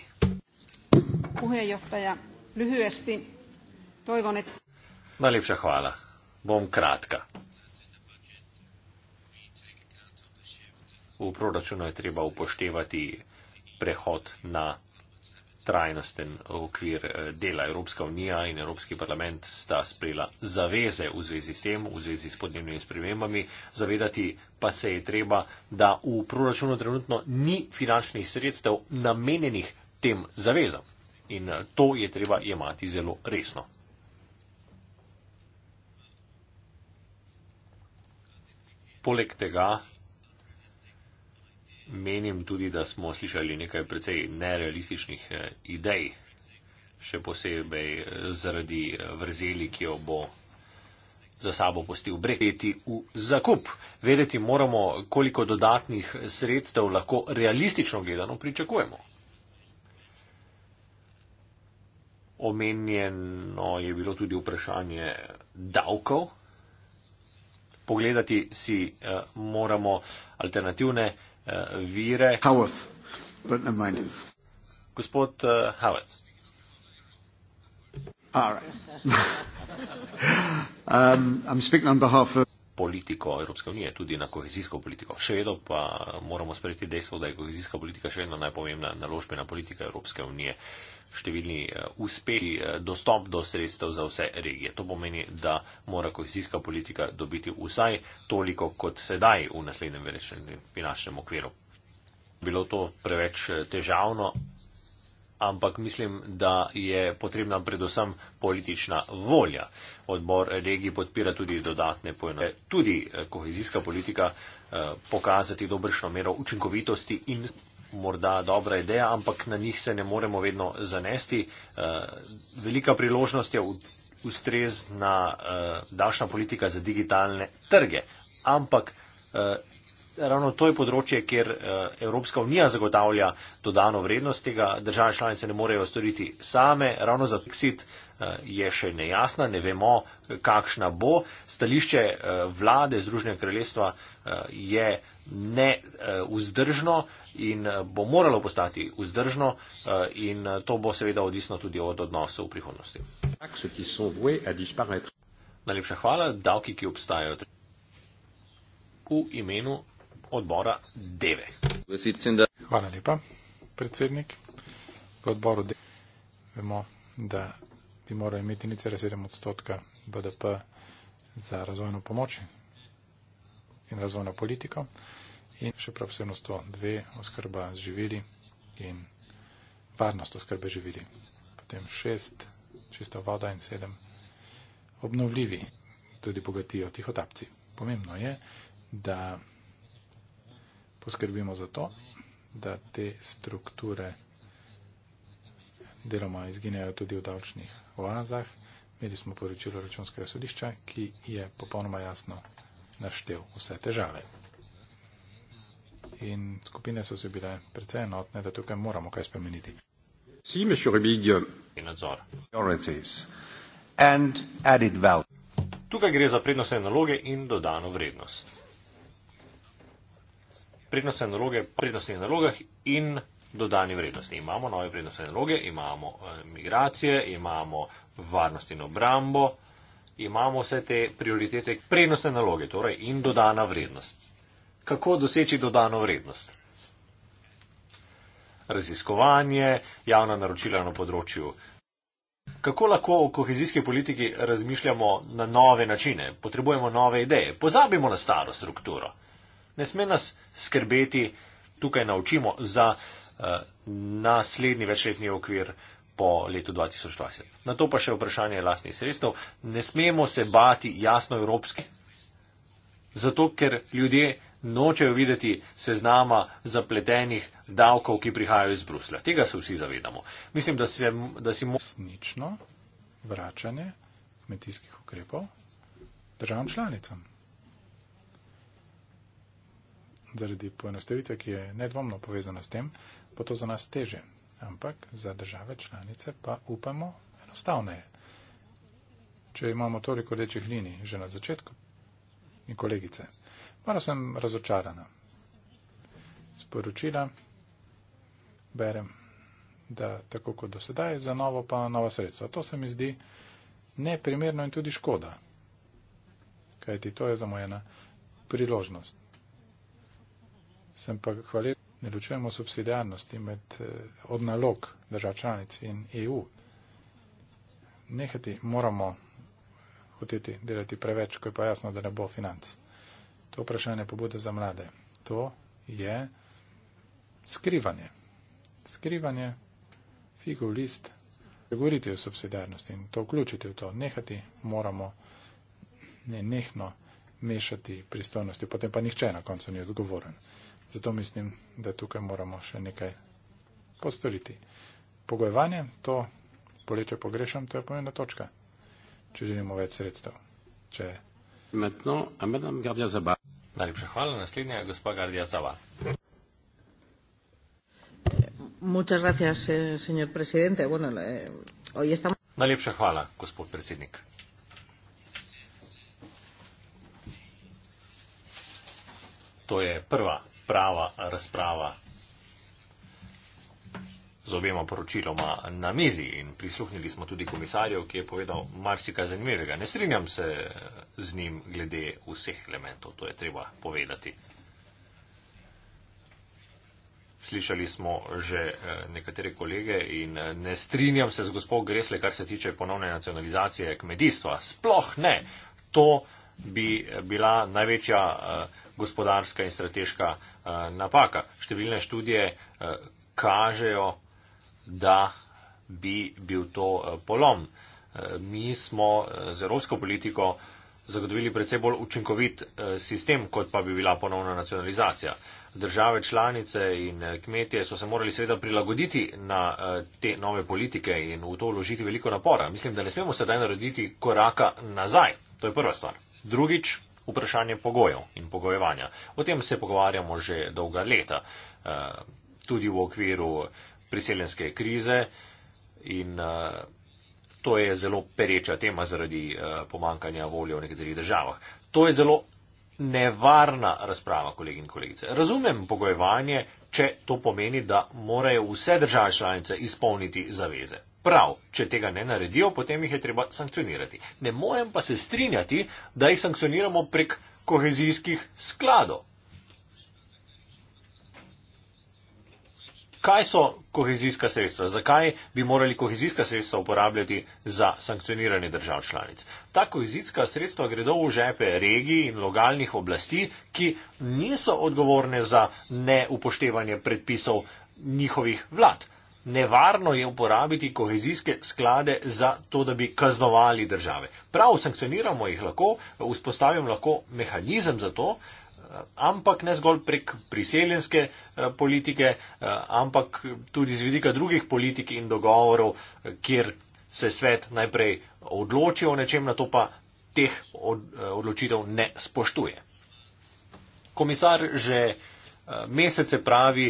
Najlepša hvala, bom kratka. V proračunu je treba upoštevati prehod na trajnosten okvir eh, dela. Evropska unija in Evropski parlament sta sprejela zaveze v zvezi s tem, v zvezi s podnebnimi spremembami. Zavedati pa se je treba, da v proračunu trenutno ni finančnih sredstev namenjenih tem zavezam. In eh, to je treba jemati zelo resno. Poleg tega Menim tudi, da smo slišali nekaj precej nerealističnih eh, idej, še posebej eh, zaradi eh, vrzeli, ki jo bo za sabo postil brejeti v zakup. Vedeti moramo, koliko dodatnih sredstev lahko realistično gledano pričakujemo. Omenjeno je bilo tudi vprašanje davkov. Pogledati si moramo alternativne. Eh, vire. Howarth, but never mind. Gospod uh, Howarth. Right. um, of... Politiko Evropske unije, tudi na kohezijsko politiko. Še vedno pa moramo sprejeti dejstvo, da je kohezijska politika še vedno najpomembna naložbena politika Evropske unije. Uh, številni eh, uspehi, eh, dostop do sredstev za vse regije. To pomeni, da mora kohezijska politika dobiti vsaj toliko kot sedaj v naslednjem verečnem finančnem okviru. Bilo to preveč eh, težavno, ampak mislim, da je potrebna predvsem politična volja. Odbor regij podpira tudi dodatne pojme. Tudi kohezijska politika pokazati dobršno mero učinkovitosti in morda dobra ideja, ampak na njih se ne moremo vedno zanesti. Eh, velika priložnost je ustrezna eh, davčna politika za digitalne trge, ampak eh, ravno to je področje, kjer Evropska unija zagotavlja dodano vrednost tega, države članice ne morejo storiti same, ravno za Brexit je še nejasna, ne vemo, kakšna bo. Stališče vlade Združenja kraljestva je neuzdržno. Uh, in eh, bo moralo postati vzdržno eh, in eh, to bo seveda odvisno tudi od odnosov v prihodnosti. Najlepša hvala, davki, ki obstajajo v imenu odbora Deve. Hvala lepa, predsednik. V odboru Deve vemo, da bi morali imeti nicele 7 odstotka BDP za razvojno pomoč in razvojno politiko in še prav posebnost to dve, oskrba z živili in varnost oskrbe živili. Potem šest, čista voda in sedem, obnovljivi, tudi bogatijo tihotapci. Pomembno je, da poskrbimo za to, da te strukture deloma izginejo tudi v davčnih oazah. Imeli smo poročilo računskega sodišča, ki je popolnoma jasno naštel vse težave in skupine so se bile precej enotne, da tukaj moramo kaj spremeniti. Si, mešče Rebidjo, in nadzor. Tukaj gre za prednostne naloge in dodano vrednost. Prednostne naloge po prednostnih nalogah in dodani vrednosti. Imamo nove prednostne naloge, imamo eh, migracije, imamo varnost in obrambo, imamo vse te prioritete, prednostne naloge torej in dodana vrednost kako doseči dodano vrednost. Raziskovanje, javna naročila na področju. Kako lahko v kohezijski politiki razmišljamo na nove načine, potrebujemo nove ideje, pozabimo na staro strukturo. Ne sme nas skrbeti, tukaj naučimo za uh, naslednji večletni okvir po letu 2020. Na to pa še vprašanje lastnih sredstev. Ne smemo se bati jasno evropski. Zato, ker ljudje nočejo videti seznama zapletenih davkov, ki prihajajo iz Brusla. Tega se vsi zavedamo. Mislim, da, se, da si moramo. Resnično vračanje kmetijskih ukrepov državam članicam. Zaradi poenostavitve, ki je nedvomno povezana s tem, bo to za nas teže. Ampak za države članice pa upamo enostavneje. Če imamo toliko rečih linij že na začetku in kolegice. Malo sem razočarana. Sporočila berem, da tako kot do sedaj, za novo pa nova sredstva. To se mi zdi neprimerno in tudi škoda. Kajti to je zamojena priložnost. Sem pa hvaležen, ne ločujemo subsidijarnosti med eh, odnalog držav članic in EU. Nehati moramo hoteti delati preveč, ko je pa jasno, da ne bo financ to vprašanje pobude za mlade. To je skrivanje. Skrivanje, figov list, govoriti o subsidarnosti in to vključiti v to. Nehati moramo nenehno mešati pristojnosti, potem pa nihče na koncu ni odgovoren. Zato mislim, da tukaj moramo še nekaj postoriti. Pogojevanje, to poleče pogrešam, to je pomembna točka, če želimo več sredstev. Če... Metno, a medan gardja za bar. Najlepša hvala. Naslednja je gospa Gardija Zava. Eh, eh, Najlepša hvala, gospod predsednik. To je prva prava razprava z obema poročiloma na mizi in prisluhnili smo tudi komisarju, ki je povedal marsikaj zanimivega. Ne strinjam se z njim glede vseh elementov, to je treba povedati. Slišali smo že eh, nekatere kolege in eh, ne strinjam se z gospod Gresle, kar se tiče ponovne nacionalizacije kmetijstva. Sploh ne. To bi eh, bila največja gospodarska in strateška napaka. Številne študije kažejo, da bi bil to eh, polom. Eh, mi smo eh, z evropsko politiko zagotovili predvsej bolj učinkovit sistem, kot pa bi bila ponovna nacionalizacija. Države članice in kmetije so se morali seveda prilagoditi na te nove politike in v to vložiti veliko napora. Mislim, da ne smemo sedaj narediti koraka nazaj. To je prva stvar. Drugič, vprašanje pogojev in pogojevanja. O tem se pogovarjamo že dolga leta, tudi v okviru priseljenske krize in eh, to je zelo pereča tema zaradi eh, pomankanja volje v nekaterih državah. To je zelo nevarna razprava, kolegi in kolegice. Razumem pogojevanje, če to pomeni, da morajo vse države članice izpolniti zaveze. Prav, če tega ne naredijo, potem jih je treba sankcionirati. Ne morem pa se strinjati, da jih sankcioniramo prek kohezijskih skladov. kaj so kohezijska sredstva, zakaj bi morali kohezijska sredstva uporabljati za sankcioniranje držav članic. Ta kohezijska sredstva gredo v žepe regij in lokalnih oblasti, ki niso odgovorne za neupoštevanje predpisov njihovih vlad. Nevarno je uporabiti kohezijske sklade za to, da bi kaznovali države. Prav sankcioniramo jih lahko, vzpostavim lahko mehanizem za to, ampak ne zgolj prek priseljenske eh, politike, eh, ampak tudi z vidika drugih politik in dogovorov, eh, kjer se svet najprej odloči o nečem, na to pa teh odločitev ne spoštuje. Komisar že mesece pravi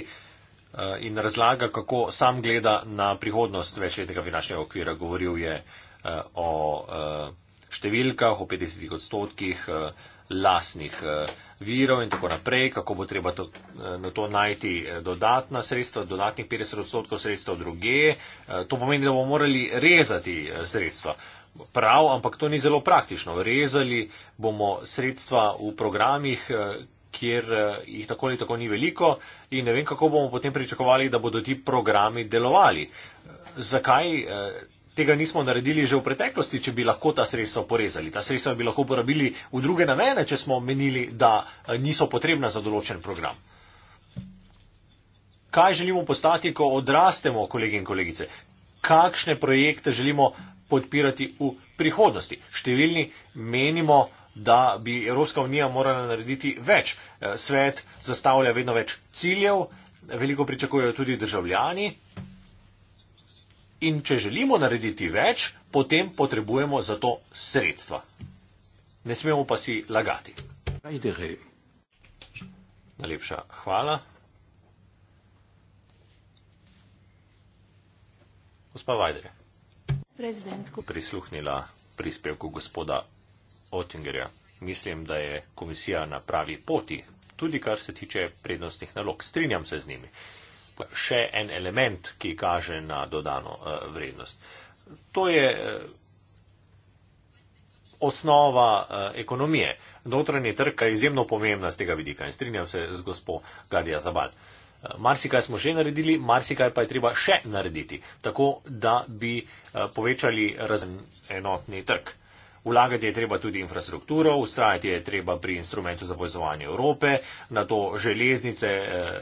in razlaga, kako sam gleda na prihodnost večletnega finančnega okvira. Govoril je o številkah, o 50 odstotkih, lasnih eh, virov in tako naprej, kako bo treba to, eh, na to najti eh, dodatna sredstva, dodatnih 50 odstotkov sredstva druge. To pomeni, da bomo morali rezati sredstva. Prav, ampak to ni zelo praktično. Rezali bomo sredstva v programih, kjer jih tako ali tako ni veliko in ne vem, kako bomo potem pričakovali, da bodo ti programi delovali. Zakaj tega nismo naredili že v preteklosti, če bi lahko ta sredstva porezali. Ta sredstva bi lahko uporabili v druge namene, če smo menili, da eh, niso potrebna za določen program. Kaj želimo postati, ko odrastemo, kolegi in kolegice? Kakšne projekte želimo podpirati v prihodnosti? Številni menimo, da bi Evropska unija morala narediti več. Eh, svet zastavlja vedno več ciljev, veliko pričakujejo tudi državljani. In če želimo narediti več, potem potrebujemo za to sredstva. Ne smemo pa si lagati. Najlepša hvala. Gospa Vajdere, prisluhnila prispevku gospoda Ottingerja. Mislim, da je komisija na pravi poti, tudi kar se tiče prednostnih nalog. Strinjam se z njimi še en element, ki kaže na dodano eh, vrednost. To je eh, osnova eh, ekonomije. Notranji trg je izjemno pomembna z tega vidika in strinjam se z gospod Gardija Zabal. Marsikaj smo že naredili, marsikaj pa je treba še narediti, tako da bi povečali razen enotni trg. Vlagati je treba tudi infrastrukturo, ustrajati je treba pri instrumentu za povezovanje Evrope, na to železnice,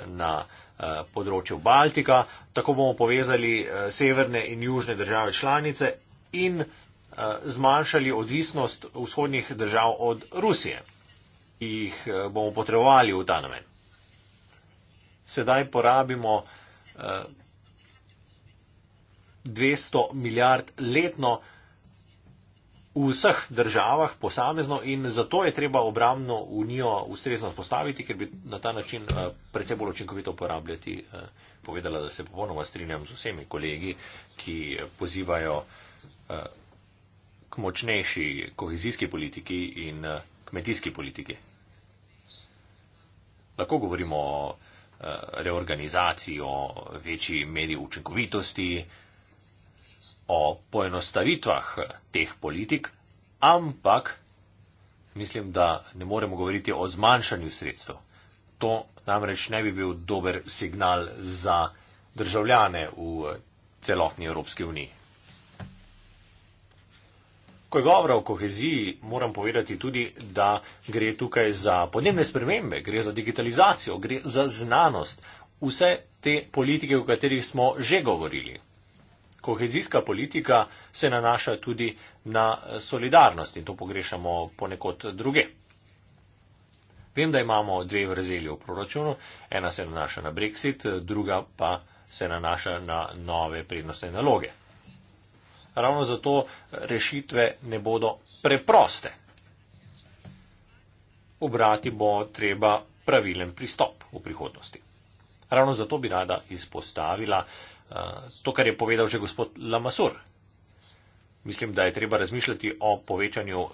na. Eh, področju Baltika, tako bomo povezali eh, severne in južne države članice in eh, zmanjšali odvisnost vzhodnih držav od Rusije, ki jih bomo potrebovali v ta namen. Sedaj porabimo 200 milijard letno v vseh državah posamezno in zato je treba obramno unijo ustrezno spostaviti, ker bi na ta način eh, predvsem bolj učinkovito uporabljati. Eh, povedala, da se popolnoma strinjam z vsemi kolegi, ki pozivajo eh, k močnejši kohezijski politiki in kmetijski politiki. Lahko govorimo o reorganizaciji, o večji meri učinkovitosti, o poenostavitvah teh politik, ampak mislim, da ne moremo govoriti o zmanjšanju sredstev. To namreč ne bi bil dober signal za državljane v celotni Evropski uniji. Ko je govora o koheziji, moram povedati tudi, da gre tukaj za podnebne spremembe, gre za digitalizacijo, gre za znanost. Vse te politike, o katerih smo že govorili, Kohezijska politika se nanaša tudi na eh, solidarnost in to pogrešamo ponekod druge. Vem, da imamo dve vrzeli v proračunu, ena se nanaša na Brexit, druga pa se nanaša na nove prednostne naloge. Ravno zato rešitve ne bodo preproste. Ubrati bo treba pravilen pristop v prihodnosti. Ravno zato bi rada izpostavila uh, to, kar je povedal že gospod Lamasur. Mislim, da je treba razmišljati o povečanju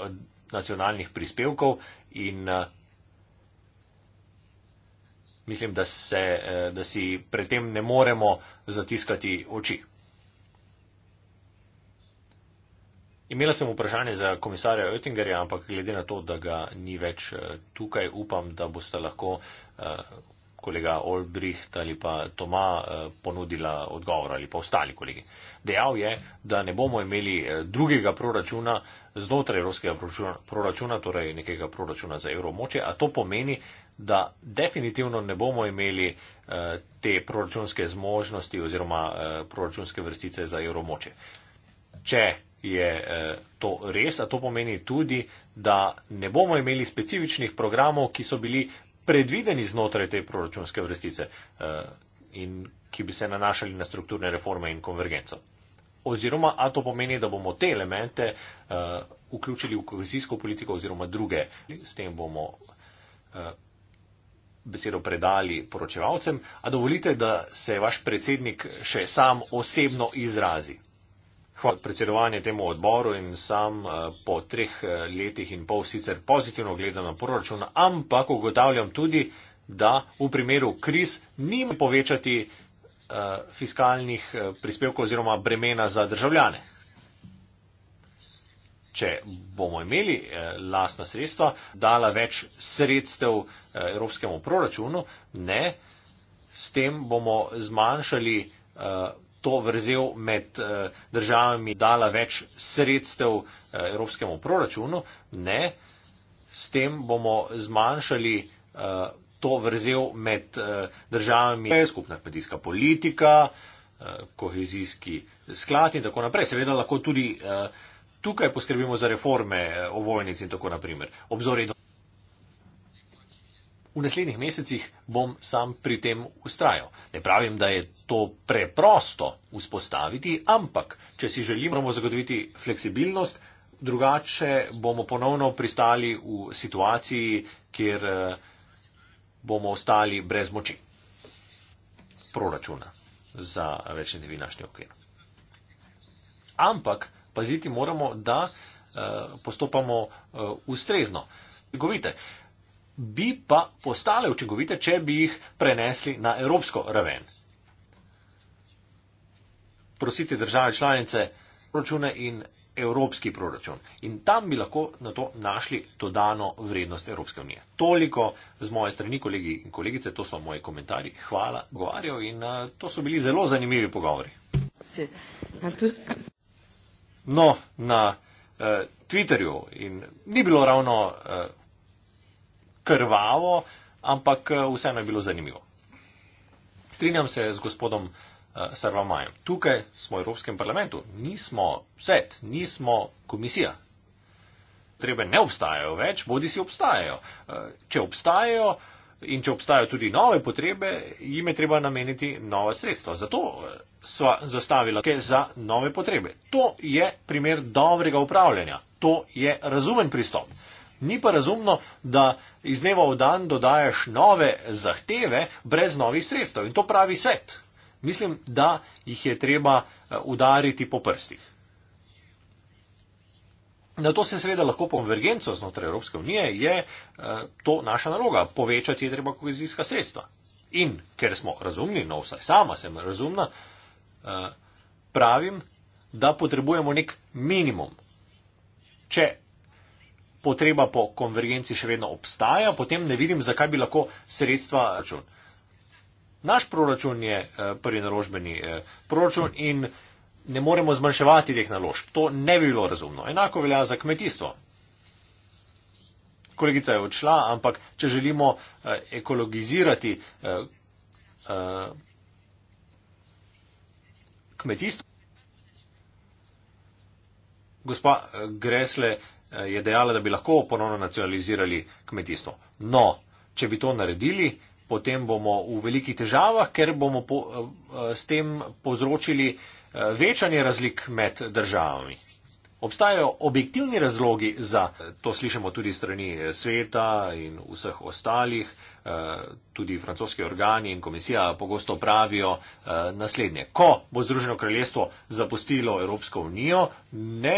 nacionalnih prispevkov in mislim, da, se, da si pred tem ne moremo zatiskati oči. Imela sem vprašanje za komisarja Oettingerja, ampak glede na to, da ga ni več tukaj, upam, da boste lahko kolega Olbricht ali pa Toma eh, ponudila odgovor ali pa ostali kolegi. Dejal je, da ne bomo imeli eh, drugega proračuna znotraj evropskega proračuna, torej nekega proračuna za evromoče, a to pomeni, da definitivno ne bomo imeli eh, te proračunske zmožnosti oziroma proračunske vrstice za evromoče. Če je to res, a to pomeni tudi, da ne bomo imeli specifičnih programov, ki so bili predvideni znotraj te proračunske vrstice eh, in ki bi se nanašali na strukturne reforme in konvergenco. Oziroma, a to pomeni, da bomo te elemente eh, vključili v kohezijsko politiko oziroma druge. S tem bomo eh, besedo predali poročevalcem, a dovolite, da se vaš predsednik še sam osebno izrazi. Hvala predsedovanje temu odboru in sam eh, po treh eh, letih in pol sicer pozitivno gledam na proračun, ampak ugotavljam tudi, da v primeru kriz ni povečati eh, fiskalnih prispevkov oziroma bremena za državljane. Če bomo imeli lastna sredstva, dala več sredstev evropskemu proračunu, ne, s tem bomo zmanjšali to vrzel med eh, državami dala več sredstev eh, evropskemu proračunu. Ne, s tem bomo zmanjšali eh, to vrzel med državami. Skupna kmetijska politika, kohezijski sklad in tako naprej. Seveda lahko tudi tukaj poskrbimo za reforme ovojnic in tako naprej. Obzorje v naslednjih mesecih bom sam pri tem ustrajal. Ne pravim, da je to preprosto vzpostaviti, ampak če si želimo, moramo zagotoviti fleksibilnost, drugače bomo ponovno pristali v situaciji, kjer eh, bomo ostali brez moči proračuna za večni devinašnji okvir. Ampak paziti moramo, da uh, postopamo uh, ustrezno. Govite, uh, bi pa postale učinkovite, če bi jih prenesli na evropsko raven. Prositi države članice proračune in evropski proračun. In tam bi lahko na to našli dodano vrednost Evropske unije. Toliko z moje strani, kolegi in kolegice, to so moji komentarji. Hvala, govarjo in eh, to so bili zelo zanimivi pogovori. No, na uh, Twitterju in ni bilo ravno uh, krvavo, ampak eh, vseeno je bilo zanimivo. Strinjam se z gospodom uh, Sarvamajem. Tukaj smo v Evropskem parlamentu, nismo svet, nismo komisija. Trebe ne obstajajo več, bodi si obstajajo. Uh, če obstajajo in če obstajajo tudi nove potrebe, jim je treba nameniti nova sredstva. Zato uh, so zastavila te za nove potrebe. To je primer dobrega upravljanja. To je razumen pristop. Ni pa razumno, da iz dneva v dan dodajaš nove zahteve brez novih sredstev. In to pravi svet. Mislim, da jih je treba eh, udariti po prstih. Na to se seveda lahko konvergenco znotraj Evropske unije je eh, to naša naloga. Povečati je treba kohezijska sredstva. In ker smo razumni, no vsaj sama sem razumna, eh, pravim, da potrebujemo nek minimum. Če potreba po konvergenci še vedno obstaja, potem ne vidim, zakaj bi lahko sredstva račun. Naš proračun je eh, prvi naložbeni eh, proračun in ne moremo zmanjševati teh naložb. To ne bi bilo razumno. Enako velja za kmetijstvo. Kolegica je odšla, ampak če želimo eh, ekologizirati kmetijstvo. Gospa Gresle, Eh, je dejala, da bi lahko ponovno nacionalizirali kmetijstvo. No, če bi to naredili, potem bomo v velikih težavah, ker bomo po, eh, s tem povzročili eh, večanje razlik med državami. Obstajajo objektivni razlogi za to, slišimo tudi strani sveta in vseh ostalih, tudi francoski organi in komisija pogosto pravijo naslednje. Ko bo Združeno kraljestvo zapustilo Evropsko unijo, ne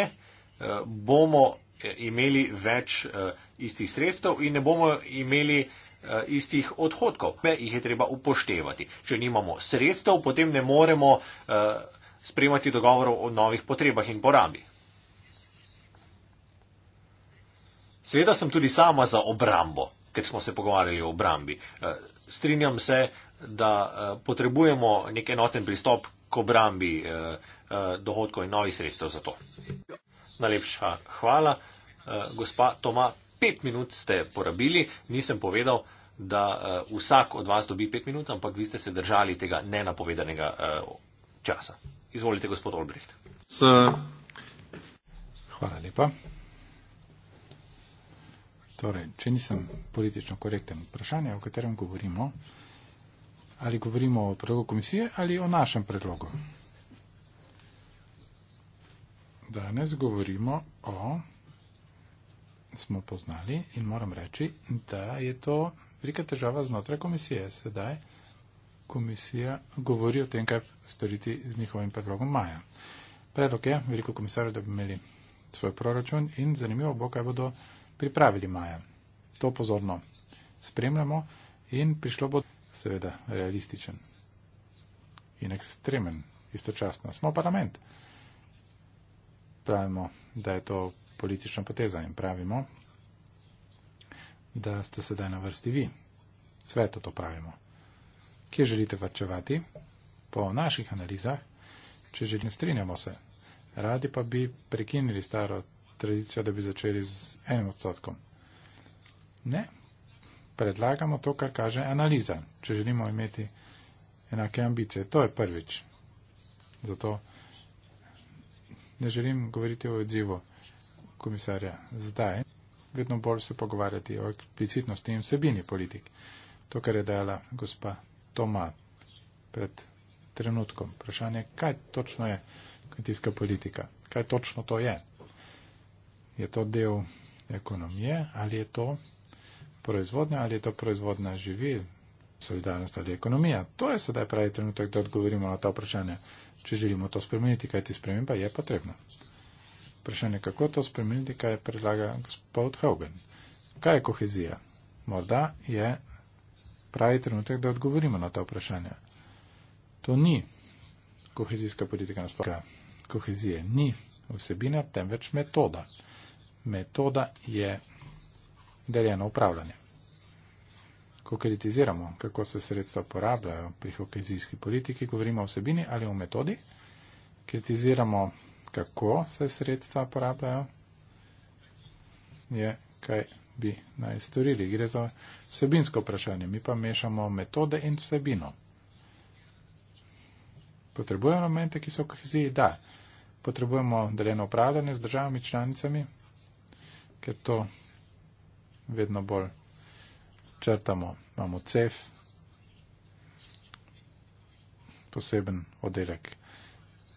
bomo Eh, imeli več eh, istih sredstev in ne bomo imeli eh, istih odhodkov. Me jih je treba upoštevati. Če nimamo sredstev, potem ne moremo spremati dogovorov o novih potrebah in porabi. Sveda sem tudi sama za obrambo, ker smo se pogovarjali o obrambi. Strinjam se, da potrebujemo nek enoten pristop k obrambi dohodkov in novih sredstev za to. Najlepša hvala. Eh, gospa Toma, pet minut ste porabili. Nisem povedal, da eh, vsak od vas dobi pet minut, ampak vi ste se držali tega nenapovedanega eh, časa. Izvolite, gospod Olbricht. Hvala lepa. Torej, če nisem politično korekten, vprašanje, o katerem govorimo, ali govorimo o predlogu komisije ali o našem predlogu danes govorimo o, smo poznali in moram reči, da je to velika težava znotraj komisije. Sedaj komisija govori o tem, kaj storiti z njihovim predlogom maja. Predlog je veliko komisarjev, da bi imeli svoj proračun in zanimivo bo, kaj bodo pripravili maja. To pozorno spremljamo in prišlo bo seveda realističen in ekstremen istočasno. Smo parlament pravimo, da je to politična poteza in pravimo, da ste sedaj na vrsti vi. Sveto to pravimo. Kje želite varčevati? Po naših analizah, če že ne strinjamo se, radi pa bi prekinili staro tradicijo, da bi začeli z enim odstotkom. Ne, predlagamo to, kar kaže analiza, če želimo imeti enake ambicije. To je prvič. Zato ne želim govoriti o odzivu komisarja zdaj, vedno bolj se pogovarjati o eksplicitnosti in vsebini politik. To, kar je dejala gospa Toma pred trenutkom. Vprašanje, kaj točno je kmetijska politika? Kaj točno to je? Je to del ekonomije ali je to proizvodnja ali je to proizvodna živil, solidarnost ali ekonomija? To je sedaj pravi trenutek, da odgovorimo na ta vprašanja če želimo to spremeniti, kaj ti sprememba je potrebna. Vprašanje, kako to spremeniti, kaj predlaga gospod Hogan. Kaj je kohezija? Morda je pravi trenutek, da odgovorimo na ta vprašanja. To ni kohezijska politika na splošno. Kohezije ni vsebina, temveč metoda. Metoda je deljeno upravljanje ko kritiziramo, kako se sredstva porabljajo pri hokezijski politiki, govorimo o vsebini ali o metodi, kritiziramo, kako se sredstva porabljajo, je, kaj bi naj storili. Gre za vsebinsko vprašanje, mi pa mešamo metode in vsebino. Potrebujemo elemente, ki so v koheziji? Da. Potrebujemo deljeno upravljanje z državami članicami, ker to vedno bolj črtamo, imamo cef, poseben oddelek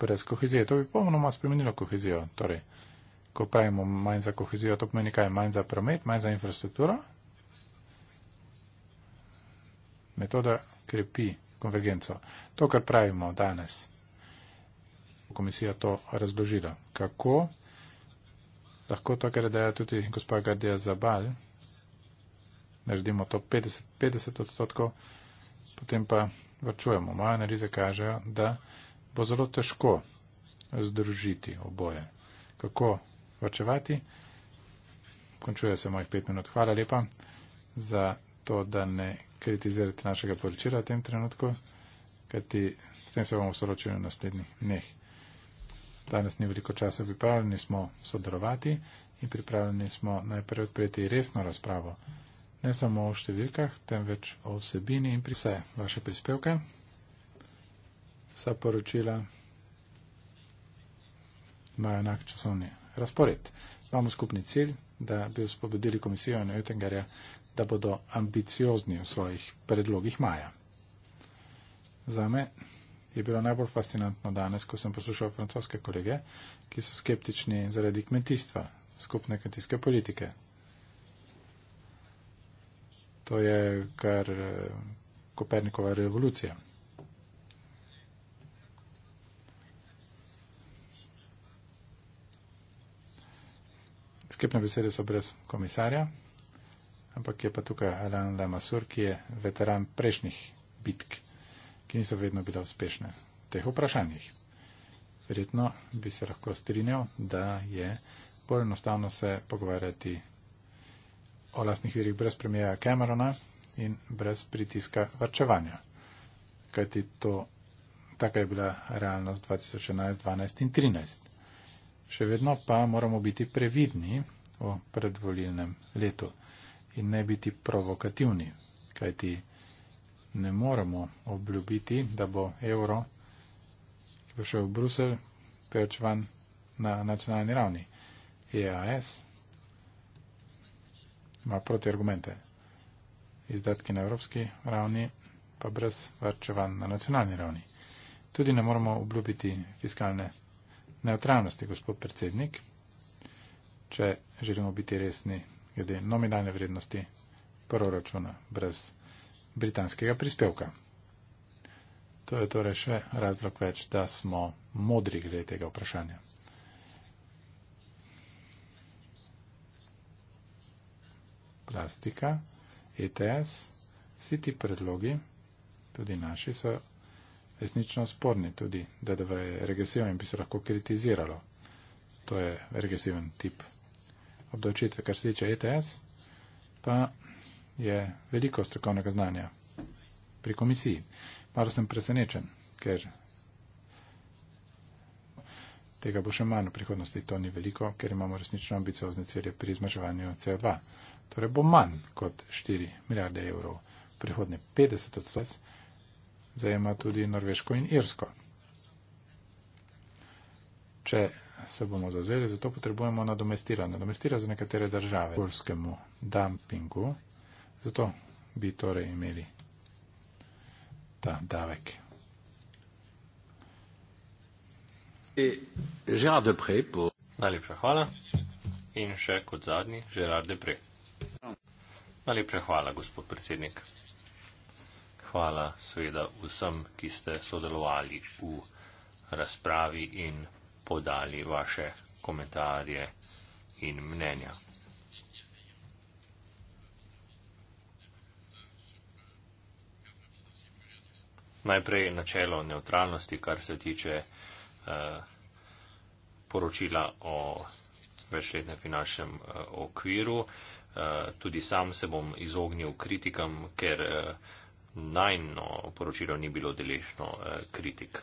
brez kohezije. To bi pomenoma spremenilo kohezijo. Torej, ko pravimo manj za kohezijo, to pomeni kaj? Manj za promet, manj za infrastrukturo. Metoda krepi konvergenco. To, kar pravimo danes, komisija to razložila. Kako? Lahko to, kar je dejala tudi gospa Gardija Zabal, naredimo to 50, 50 odstotkov, potem pa vrčujemo. Moje analize kažejo, da bo zelo težko združiti oboje. Kako vrčevati? Končuje se mojih pet minut. Hvala lepa za to, da ne kritizirate našega poročila v tem trenutku, kajti s tem se bomo soročili v naslednjih dneh. Danes ni veliko časa, pripravljeni smo sodelovati in pripravljeni smo najprej odpreti resno razpravo ne samo o številkah, temveč o vsebini in pri vse vaše prispevke, vsa poročila imajo enak časovni razpored. Imamo skupni cilj, da bi spobodili komisijo in Oettingerja, da bodo ambiciozni v svojih predlogih maja. Za me je bilo najbolj fascinantno danes, ko sem poslušal francoske kolege, ki so skeptični zaradi kmetijstva, skupne kmetijske politike, To je kar eh, Kopernikova revolucija. Skepne besede so brez komisarja, ampak je pa tukaj Alain Lamassur, ki je veteran prejšnjih bitk, ki niso vedno bile uspešne v teh vprašanjih. Verjetno bi se lahko strinjal, da je bolj enostavno se pogovarjati o lastnih virih brez premijeja Camerona in brez pritiska varčevanja. Kajti to, taka je bila realnost 2011, 2012 in 2013. Še vedno pa moramo biti previdni o predvolilnem letu in ne biti provokativni, kajti ne moremo obljubiti, da bo evro, ki bo šel v Bruselj, peč van na nacionalni ravni. EAS, ima proti argumente. Izdatki na evropski ravni pa brez varčevanj na nacionalni ravni. Tudi ne moramo obljubiti fiskalne neutralnosti, gospod predsednik, če želimo biti resni glede nominalne vrednosti proračuna brez britanskega prispevka. To je torej še razlog več, da smo modri glede tega vprašanja. plastika, ETS, vsi ti predlogi, tudi naši, so resnično sporni, tudi DDV je regresiven in bi se lahko kritiziralo. To je regresiven tip obdavčitve. Kar se tiče ETS, pa je veliko strokovnega znanja pri komisiji. Malo sem presenečen, ker tega bo še manj v prihodnosti, to ni veliko, ker imamo resnično ambiciozne cilje pri zmaževanju CO2 torej bo manj kot 4 milijarde evrov. Prihodne 50 odstotkov zajema tudi Norveško in Irsko. Če se bomo zazeli, zato potrebujemo nadomestila. Nadomestila za nekatere države. Polskemu dumpingu. Zato bi torej imeli ta davek. E, Najlepša hvala. In še kot zadnji, Gerard Depre. Najlepša hvala, gospod predsednik. Hvala seveda vsem, ki ste sodelovali v razpravi in podali vaše komentarje in mnenja. Najprej načelo neutralnosti, kar se tiče eh, poročila o večletnem finančnem eh, okviru. Eh, Eh, tudi sam se bom izognil kritikam, ker eh, najno poročilo ni bilo deležno eh, kritik.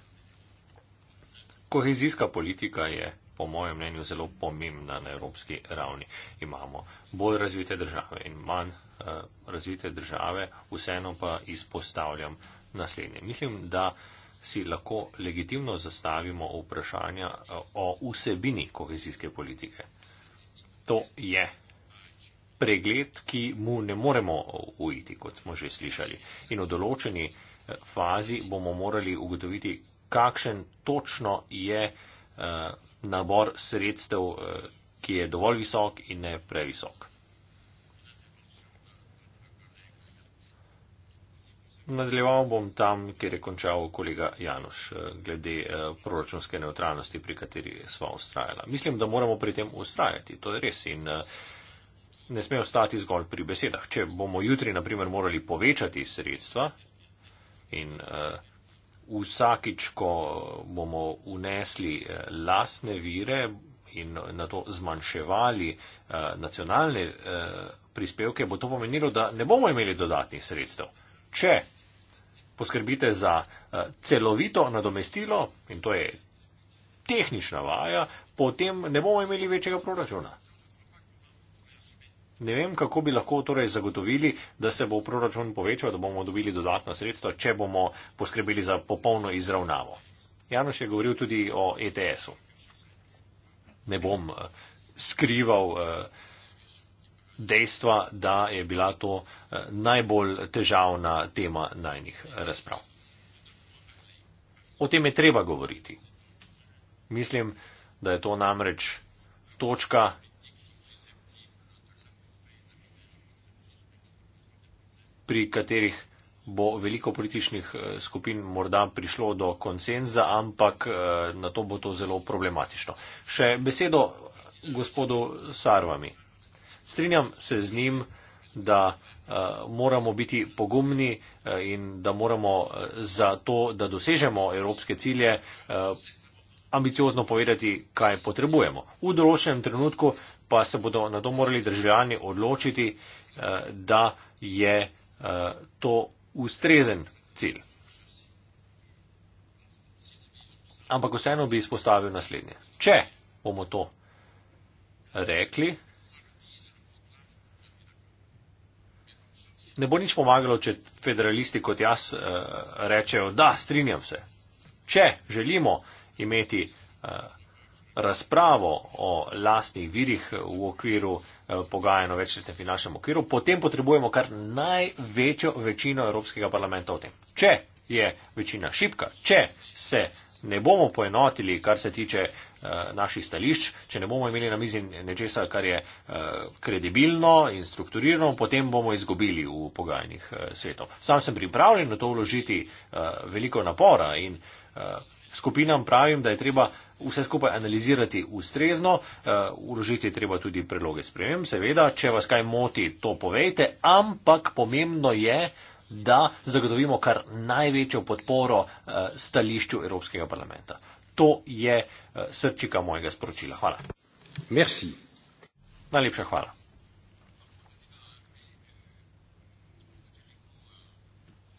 Kohezijska politika je po mojem mnenju zelo pomembna na evropski ravni. Imamo bolj razvite države in manj razvite države, vseeno pa izpostavljam naslednje. Mislim, da si lahko legitimno zastavimo vprašanja o vsebini kohezijske politike. To je pregled, ki mu ne moremo ujiti, kot smo že slišali. In v določeni eh, fazi bomo morali ugotoviti, kakšen točno je eh, nabor sredstev, eh, ki je dovolj visok in ne previsok. Nadaljeval bom tam, kjer je končal kolega Janoš, glede proračunske neutralnosti, pri kateri sva ustrajala. Mislim, da moramo pri tem ustrajati, to je res. In, uh, ne sme ostati zgolj pri besedah. Če bomo jutri, na primer, morali povečati sredstva in eh, vsakič, ko bomo unesli eh, lasne vire in na to zmanjševali eh, nacionalne eh, prispevke, bo to pomenilo, da ne bomo imeli dodatnih sredstev. Če poskrbite za eh, celovito nadomestilo, in to je tehnična vaja, potem ne bomo imeli večjega proračuna. Ne vem, kako bi lahko torej zagotovili, da se bo proračun povečal, da bomo dobili dodatna sredstva, če bomo poskrbeli za popolno izravnavo. Janoš je govoril tudi o ETS-u. Ne bom eh, skrival eh, dejstva, da je bila to eh, najbolj težavna tema najnih razprav. O tem je treba govoriti. Mislim, da je to namreč točka, pri katerih bo veliko političnih eh, skupin morda prišlo do konsenza, ampak eh, na to bo to zelo problematično. Še besedo gospodu Sarvami. Strinjam se z njim, da eh, moramo biti pogumni in da moramo za to, da dosežemo evropske cilje, ambiciozno povedati, kaj potrebujemo. V določenem trenutku pa se bodo na to morali državljani odločiti, da je Eh, to ustrezen cilj. Ampak vseeno bi izpostavil naslednje. Če bomo to rekli, ne bo nič pomagalo, če federalisti kot jaz eh, rečejo, da strinjam se. Če želimo imeti eh, razpravo o lastnih virih v okviru Eh, pogajanj o večletnem finančnem okviru, potem potrebujemo kar največjo večino Evropskega parlamenta o tem. Če je večina šipka, če se ne bomo poenotili, kar se tiče eh, naših stališč, če ne bomo imeli na mizi nečesa, kar je eh, kredibilno in strukturirano, potem bomo izgubili v pogajanjih svetov. Sam sem pripravljen na to vložiti veliko napora in skupinam pravim, da je treba vse skupaj analizirati ustrezno, uložiti eh, je treba tudi predloge sprejem, seveda, če vas kaj moti, to povejte, ampak pomembno je, da zagotovimo kar največjo podporo eh, stališču Evropskega parlamenta. To je eh, srčika mojega sporočila. Hvala. Merci. Najlepša hvala.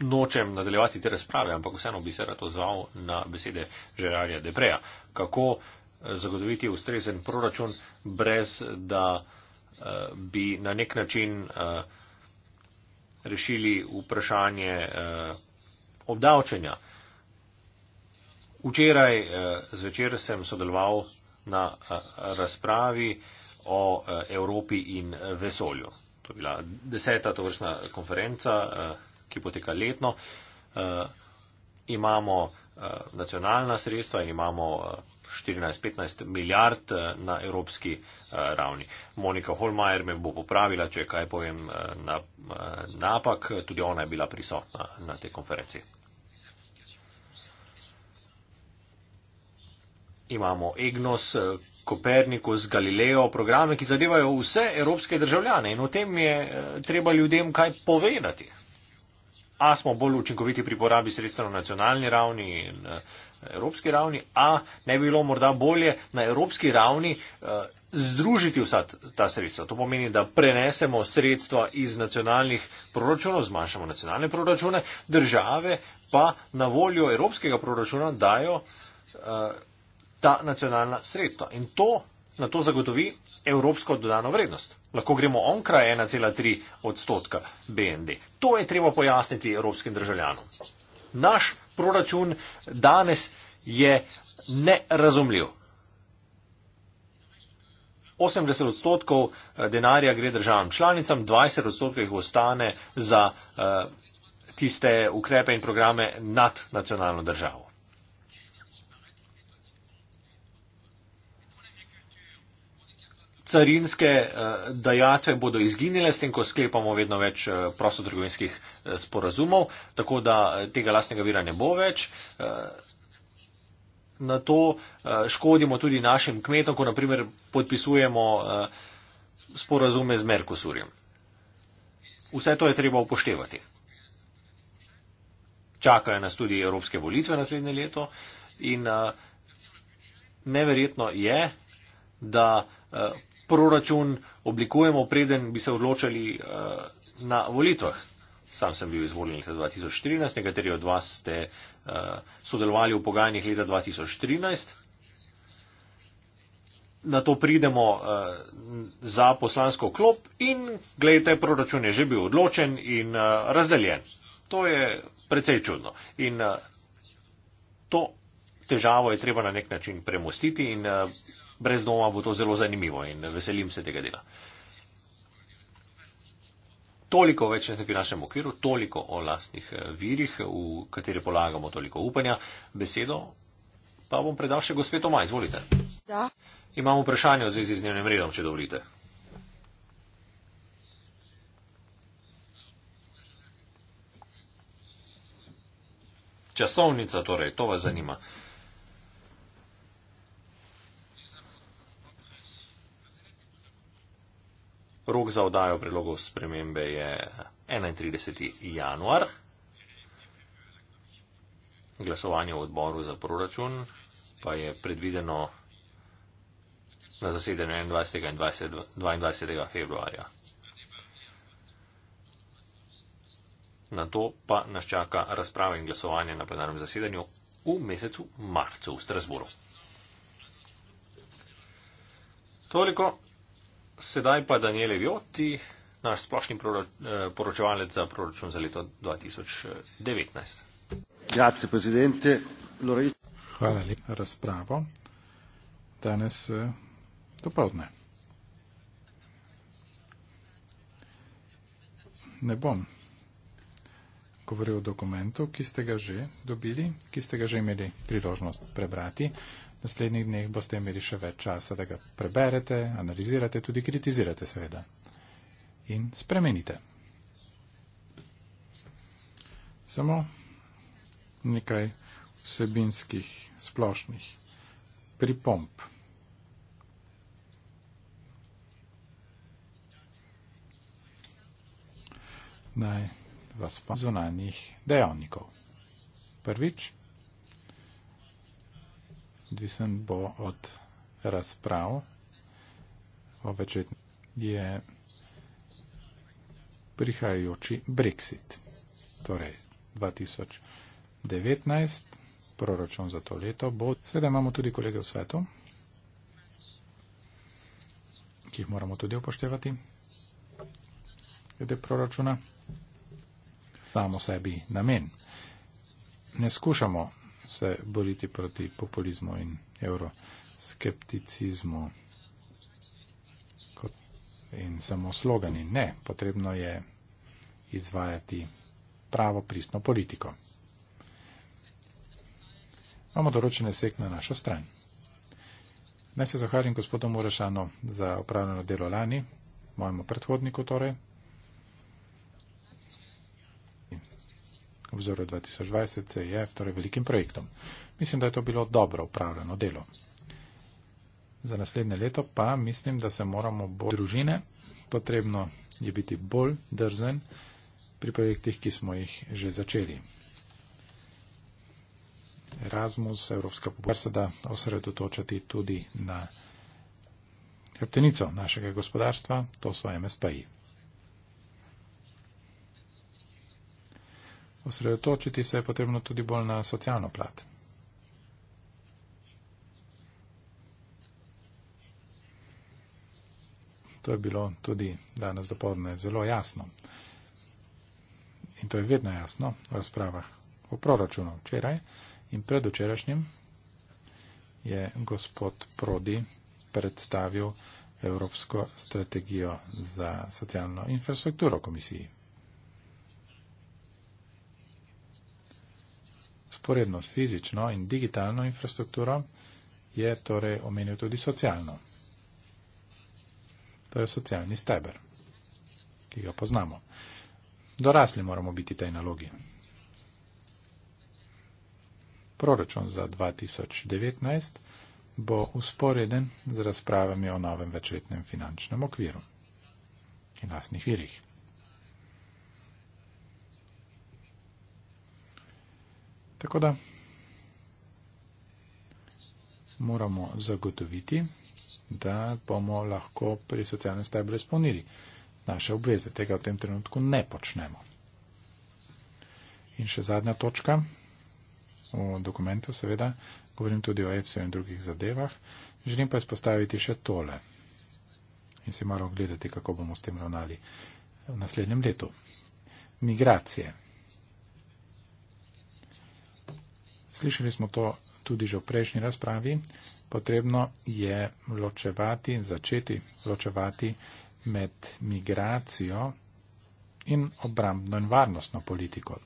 nočem nadaljevati te razprave, ampak vseeno bi se rad ozval na besede Žerarja Depreja. Kako eh, zagotoviti ustrezen proračun, brez da uh, bi na nek način uh, rešili vprašanje uh, obdavčenja. Včeraj uh, zvečer sem sodeloval na uh, razpravi o uh, Evropi in vesolju. To je bila deseta tovrstna konferenca. Uh, ki poteka letno. Uh, imamo uh, nacionalna sredstva in imamo uh, eh, 14-15 milijard uh, na evropski uh, ravni. Monika Holmajer me bo popravila, če kaj povem uh, na, uh, napak, tudi ona je bila prisotna na tej konferenci. Imamo EGNOS, Kopernikus, Galileo, programe, ki zadevajo vse evropske državljane in o tem je treba ljudem kaj povedati a smo bolj učinkoviti pri porabi sredstva na nacionalni ravni in eh, evropski ravni, a ne bi bilo morda bolje na evropski ravni eh, združiti vsa ta sredstva. To pomeni, da prenesemo sredstva iz nacionalnih proračunov, zmanjšamo nacionalne proračune, države pa na voljo evropskega proračuna dajo eh, ta nacionalna sredstva. In to na to zagotovi evropsko dodano vrednost. Lahko gremo onkraj 1,3 odstotka BND. To je treba pojasniti evropskim državljanom. Naš proračun danes je nerazumljiv. 80 odstotkov eh, denarja gre državam članicam, 20 odstotkov jih ostane za uh, tiste ukrepe in programe nad nacionalno državo. carinske uh, eh, dajate bodo izginile, s tem, ko sklepamo vedno več uh, prostotrgovinskih uh, sporazumov, tako da uh, tega lastnega vira ne bo več. Uh, na to uh, škodimo tudi našim kmetom, ko naprimer podpisujemo uh, sporazume z Merkosurjem. Vse to je treba upoštevati. Čakajo nas tudi evropske volitve naslednje leto in uh, neverjetno je, da uh, proračun oblikujemo, preden bi se odločili uh, eh, na volitvah. Sam sem bil izvoljen leta 2014, nekateri od vas ste uh, sodelovali v pogajanjih leta 2013. Na to pridemo uh, za poslansko klop in gledajte, proračun je že bil odločen in uh, razdeljen. To je precej čudno. In uh, to težavo je treba na nek način premostiti in uh, brez doma bo to zelo zanimivo in veselim se tega dela. Toliko več na našem okviru, toliko o lastnih eh, virih, v katere polagamo toliko upanja. Besedo pa bom predal še gospe Tomaj, izvolite. Da. Imam vprašanje v zvezi z dnevnim redom, če dovolite. Časovnica, torej, to vas zanima. Uh, Rok za odajo prilogov spremembe je 31. januar. Glasovanje v odboru za proračun pa je predvideno na zasedanju 21. in 22. februarja. Na to pa nas čaka razprava in glasovanje na plenarnem zasedanju v mesecu marcu v Strasburu. Toliko sedaj pa Daniele Vjoti, naš splošni eh, poročevalec za proračun za leto 2019. Hvala lepa za razpravo. Danes eh, dopoldne. Ne bom govoril o dokumentu, ki ste ga že dobili, ki ste ga že imeli priložnost prebrati naslednjih dneh boste imeli še več časa, da ga preberete, analizirate, tudi kritizirate seveda in spremenite. Samo nekaj vsebinskih splošnih pripomp. Naj vas pa zunanjih dejavnikov. Prvič, odvisen bo od razprav. Oveč je prihajajoči Brexit, torej 2019, proračun za to leto bo. Sedaj imamo tudi kolege v svetu, ki jih moramo tudi upoštevati, glede proračuna. Damo sebi namen. Ne skušamo se boriti proti populizmu in euroskepticizmu in samo slogani. Ne, potrebno je izvajati pravo pristno politiko. Imamo določene sek na našo stran. Naj se zahvalim gospodu Murešanu za opravljeno delo lani, mojemu predhodniku torej. vzoru 2020 CIF, torej velikim projektom. Mislim, da je to bilo dobro upravljeno delo. Za naslednje leto pa mislim, da se moramo bolj družine, potrebno je biti bolj drzen pri projektih, ki smo jih že začeli. Erasmus, Evropska pobrsada, osredotočati tudi na hrbtenico našega gospodarstva, to so MSPI. osredotočiti se je potrebno tudi bolj na socialno plat. To je bilo tudi danes dopoledne zelo jasno. In to je vedno jasno v razpravah o proračunu. Včeraj in predvčerajšnjem je gospod Prodi predstavil Evropsko strategijo za socialno infrastrukturo komisiji. vzporedno s fizično in digitalno infrastrukturo, je torej omenil tudi socialno. To je socialni steber, ki ga poznamo. Dorasli moramo biti tej nalogi. Proračun za 2019 bo usporeden z razpravami o novem večletnem finančnem okviru in lasnih virih. Tako da moramo zagotoviti, da bomo lahko pri socialnem stebru izpolnili naše obveze. Tega v tem trenutku ne počnemo. In še zadnja točka v dokumentu, seveda, govorim tudi o ECO in drugih zadevah. Želim pa izpostaviti še tole in si moramo gledati, kako bomo s tem ravnali v naslednjem letu. Migracije. Slišali smo to tudi že v prejšnji razpravi. Potrebno je ločevati, začeti ločevati med migracijo in obrambno in varnostno politiko.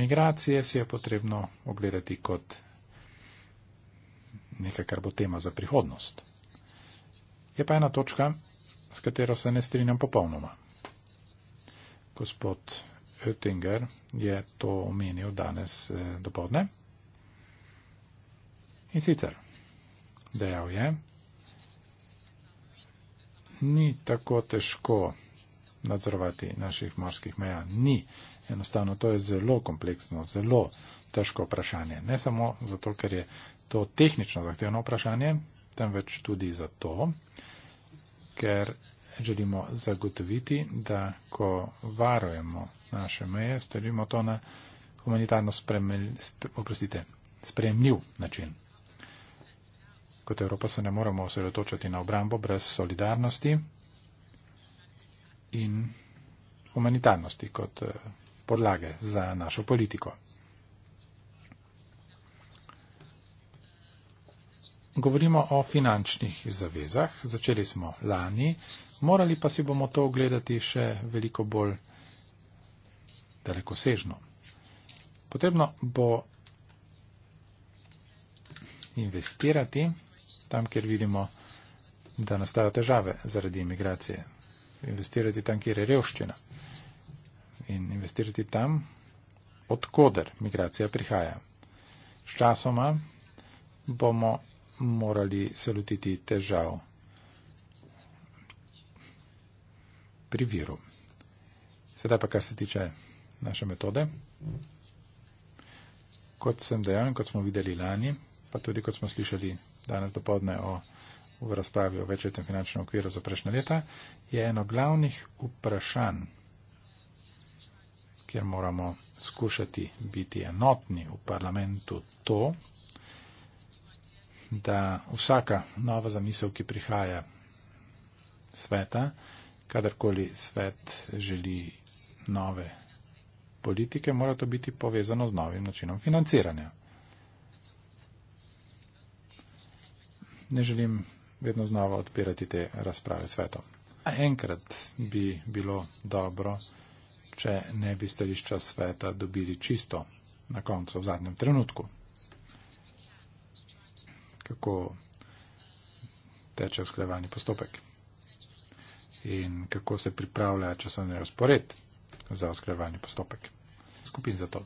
Migracije si je potrebno ogledati kot nekaj, kar bo tema za prihodnost. Je pa ena točka, s katero se ne strinjam popolnoma. Gospod Oettinger je to omenil danes eh, dopoledne. In sicer, dejal je, ni tako težko nadzorovati naših morskih meja. Ni. Enostavno, to je zelo kompleksno, zelo težko vprašanje. Ne samo zato, ker je to tehnično zahtevno vprašanje, temveč tudi zato, ker želimo zagotoviti, da ko varujemo naše meje, storimo to na humanitarno spremel, sp, oprostite, spremljiv način. Kot Evropa se ne moramo osredotočati na obrambo brez solidarnosti in humanitarnosti kot eh, podlage za našo politiko. Govorimo o finančnih zavezah, začeli smo lani, morali pa si bomo to ogledati še veliko bolj dalekosežno. Potrebno bo investirati tam, kjer vidimo, da nastajajo težave zaradi imigracije. Investirati tam, kjer je revščina. In investirati tam, odkuder migracija prihaja. Sčasoma bomo morali se lotiti težav pri viru. Sedaj pa, kar se tiče naše metode. Kot sem dejal in kot smo videli lani, pa tudi kot smo slišali danes dopodne o, v razpravi o večjem finančnem okviru za prejšnje leta, je eno glavnih vprašanj, kjer moramo skušati biti enotni v parlamentu to, da vsaka nova zamisel, ki prihaja sveta, kadarkoli svet želi nove politike, mora to biti povezano z novim načinom financiranja. ne želim vedno znova odpirati te razprave svetom. Enkrat bi bilo dobro, če ne bi stališča sveta dobili čisto na koncu, v zadnjem trenutku. Kako teče usklajevanje postopek in kako se pripravlja časovni razpored za usklajevanje postopek. Skupin za to.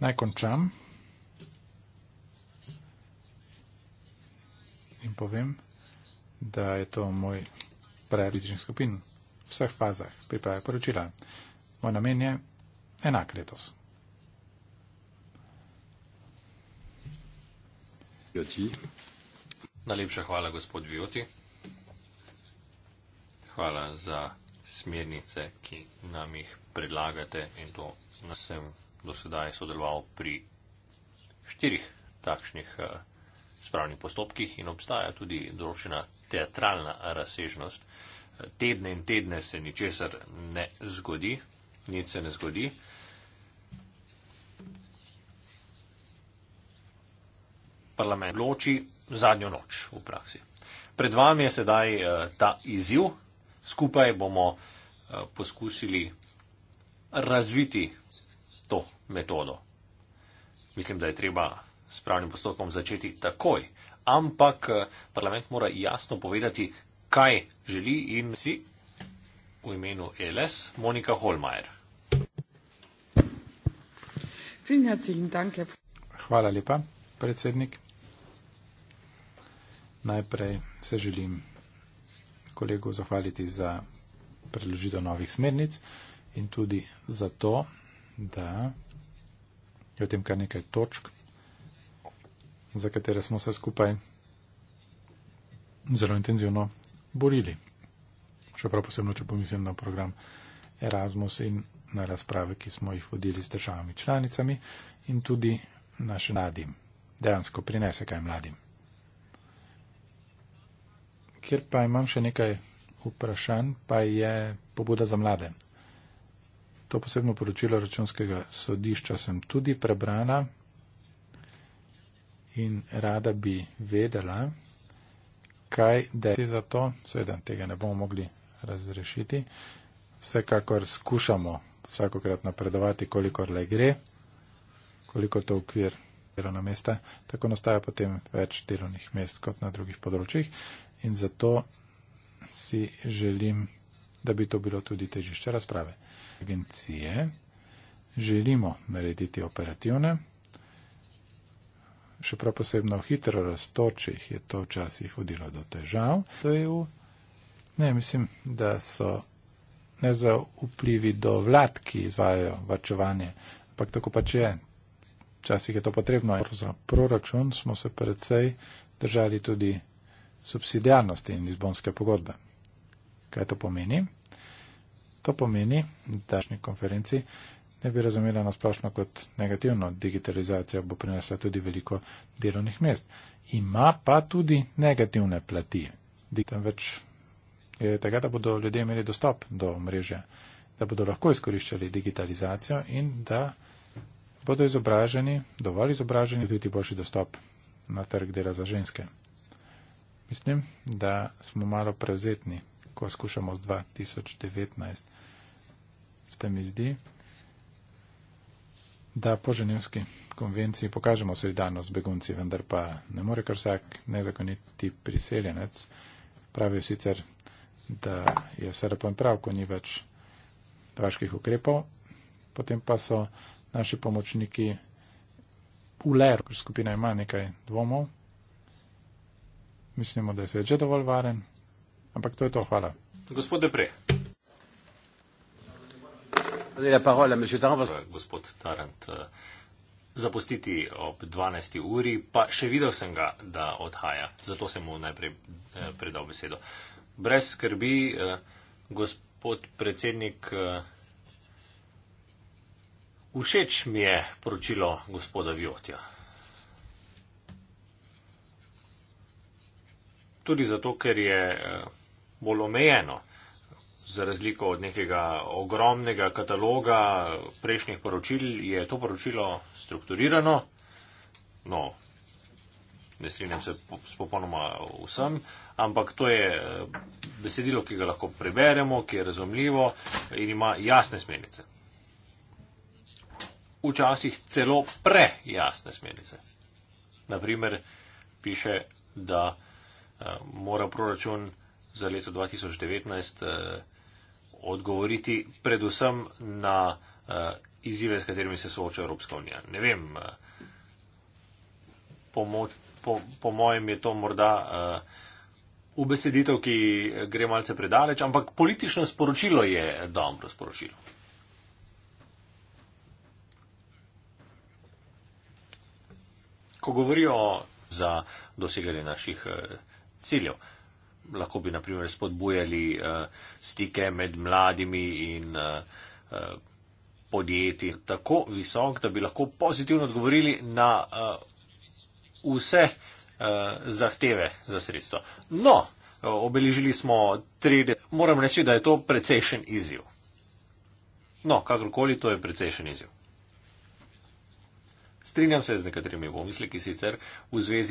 Naj končam. in povem, da je to moj prioritični skupin v vseh fazah priprave poročila. Moj namen je enak letos. Joti. Najlepša hvala, gospod Vijoti. Hvala za smernice, ki nam jih predlagate in to nas sem do sedaj sodeloval pri štirih takšnih uh, spravnih postopkih in obstaja tudi določena teatralna razsežnost. Tedne in tedne se ničesar ne zgodi, nič se ne zgodi. Parlament loči zadnjo noč v praksi. Pred vami je sedaj eh, ta izziv. Skupaj bomo eh, poskusili razviti to metodo. Mislim, da je treba s pravnim postopkom začeti takoj, ampak eh, parlament mora jasno povedati, kaj želi in si v imenu e LS Monika Holmajer. Hvala lepa, predsednik. Najprej se želim kolegu zahvaliti za predložitev novih smernic in tudi za to, da je v tem kar nekaj točk za katere smo se skupaj zelo intenzivno borili. Čeprav posebno, če pomislim na program Erasmus in na razprave, ki smo jih vodili s državami članicami in tudi našim mladim. Dejansko prinese kaj mladim. Ker pa imam še nekaj vprašanj, pa je pobuda za mlade. To posebno poročilo računskega sodišča sem tudi prebrala in rada bi vedela, kaj deti za to, seveda tega ne bomo mogli razrešiti, vsekakor skušamo vsakokrat napredovati, kolikor le gre, kolikor to ukvir delovna mesta, tako nastaja potem več delovnih mest kot na drugih področjih in zato si želim, da bi to bilo tudi težišče razprave. Agencije želimo narediti operativne, še prav posebno hitro raztočih je to včasih vodilo do težav. To je v, ne, mislim, da so ne za vplivi do vlad, ki izvajajo vačevanje, ampak tako pač je. Včasih je to potrebno. Za proračun smo se predvsej držali tudi subsidijarnosti in izbonske pogodbe. Kaj to pomeni? To pomeni, da na današnji konferenci ne bi razumela nasplošno kot negativno. Digitalizacija bo prinesla tudi veliko delovnih mest. Ima pa tudi negativne plati. Digitam več je tega, da bodo ljudje imeli dostop do mreže, da bodo lahko izkoriščali digitalizacijo in da bodo izobraženi, dovolj izobraženi, tudi boljši dostop na trg dela za ženske. Mislim, da smo malo prevzetni, ko skušamo z 2019. Se mi zdi, da po ženevski konvenciji pokažemo solidarnost begunci, vendar pa ne more kar vsak nezakoniti priseljenec. Pravijo sicer, da je vse lepo in prav, ko ni več vaških ukrepov, potem pa so naši pomočniki v LER, skupina ima nekaj dvomov, mislimo, da je svet že dovolj varen, ampak to je to, hvala. Gospod Depre, Zdaj je parola, mišel Tarant. Gospod Tarant, eh, zapustiti ob 12. uri, pa še videl sem ga, da odhaja. Zato sem mu najprej eh, predal besedo. Brez skrbi, eh, gospod predsednik, všeč mi je poročilo gospoda Vjotja. Tudi zato, ker je bolj omejeno za razliko od nekega ogromnega kataloga prejšnjih poročil, je to poročilo strukturirano. No, ne strinjam se s popolnoma vsem, ampak to je eh, besedilo, ki ga lahko preberemo, ki je razumljivo in ima jasne smernice. Včasih celo prejasne smernice. Naprimer, piše, da eh, mora proračun za leto 2019 odgovoriti predvsem na uh, izzive, s katerimi se sooča Evropska unija. Ne vem, eh, pomoč, po, po mojem je to morda uh, ubeseditev, ki gre malce predaleč, ampak politično sporočilo je dobro sporočilo. Ko govorijo o za doseganje naših ciljev lahko bi naprimer spodbujali uh, stike med mladimi in uh, uh, podjetji tako visok, da bi lahko pozitivno odgovorili na uh, vse uh, zahteve za sredstvo. No, uh, obeležili smo 3D. Moram reči, da je to precejšen izziv. No, kakorkoli, to je precejšen izziv. Strinjam se z nekaterimi pomisleki sicer v zvezi.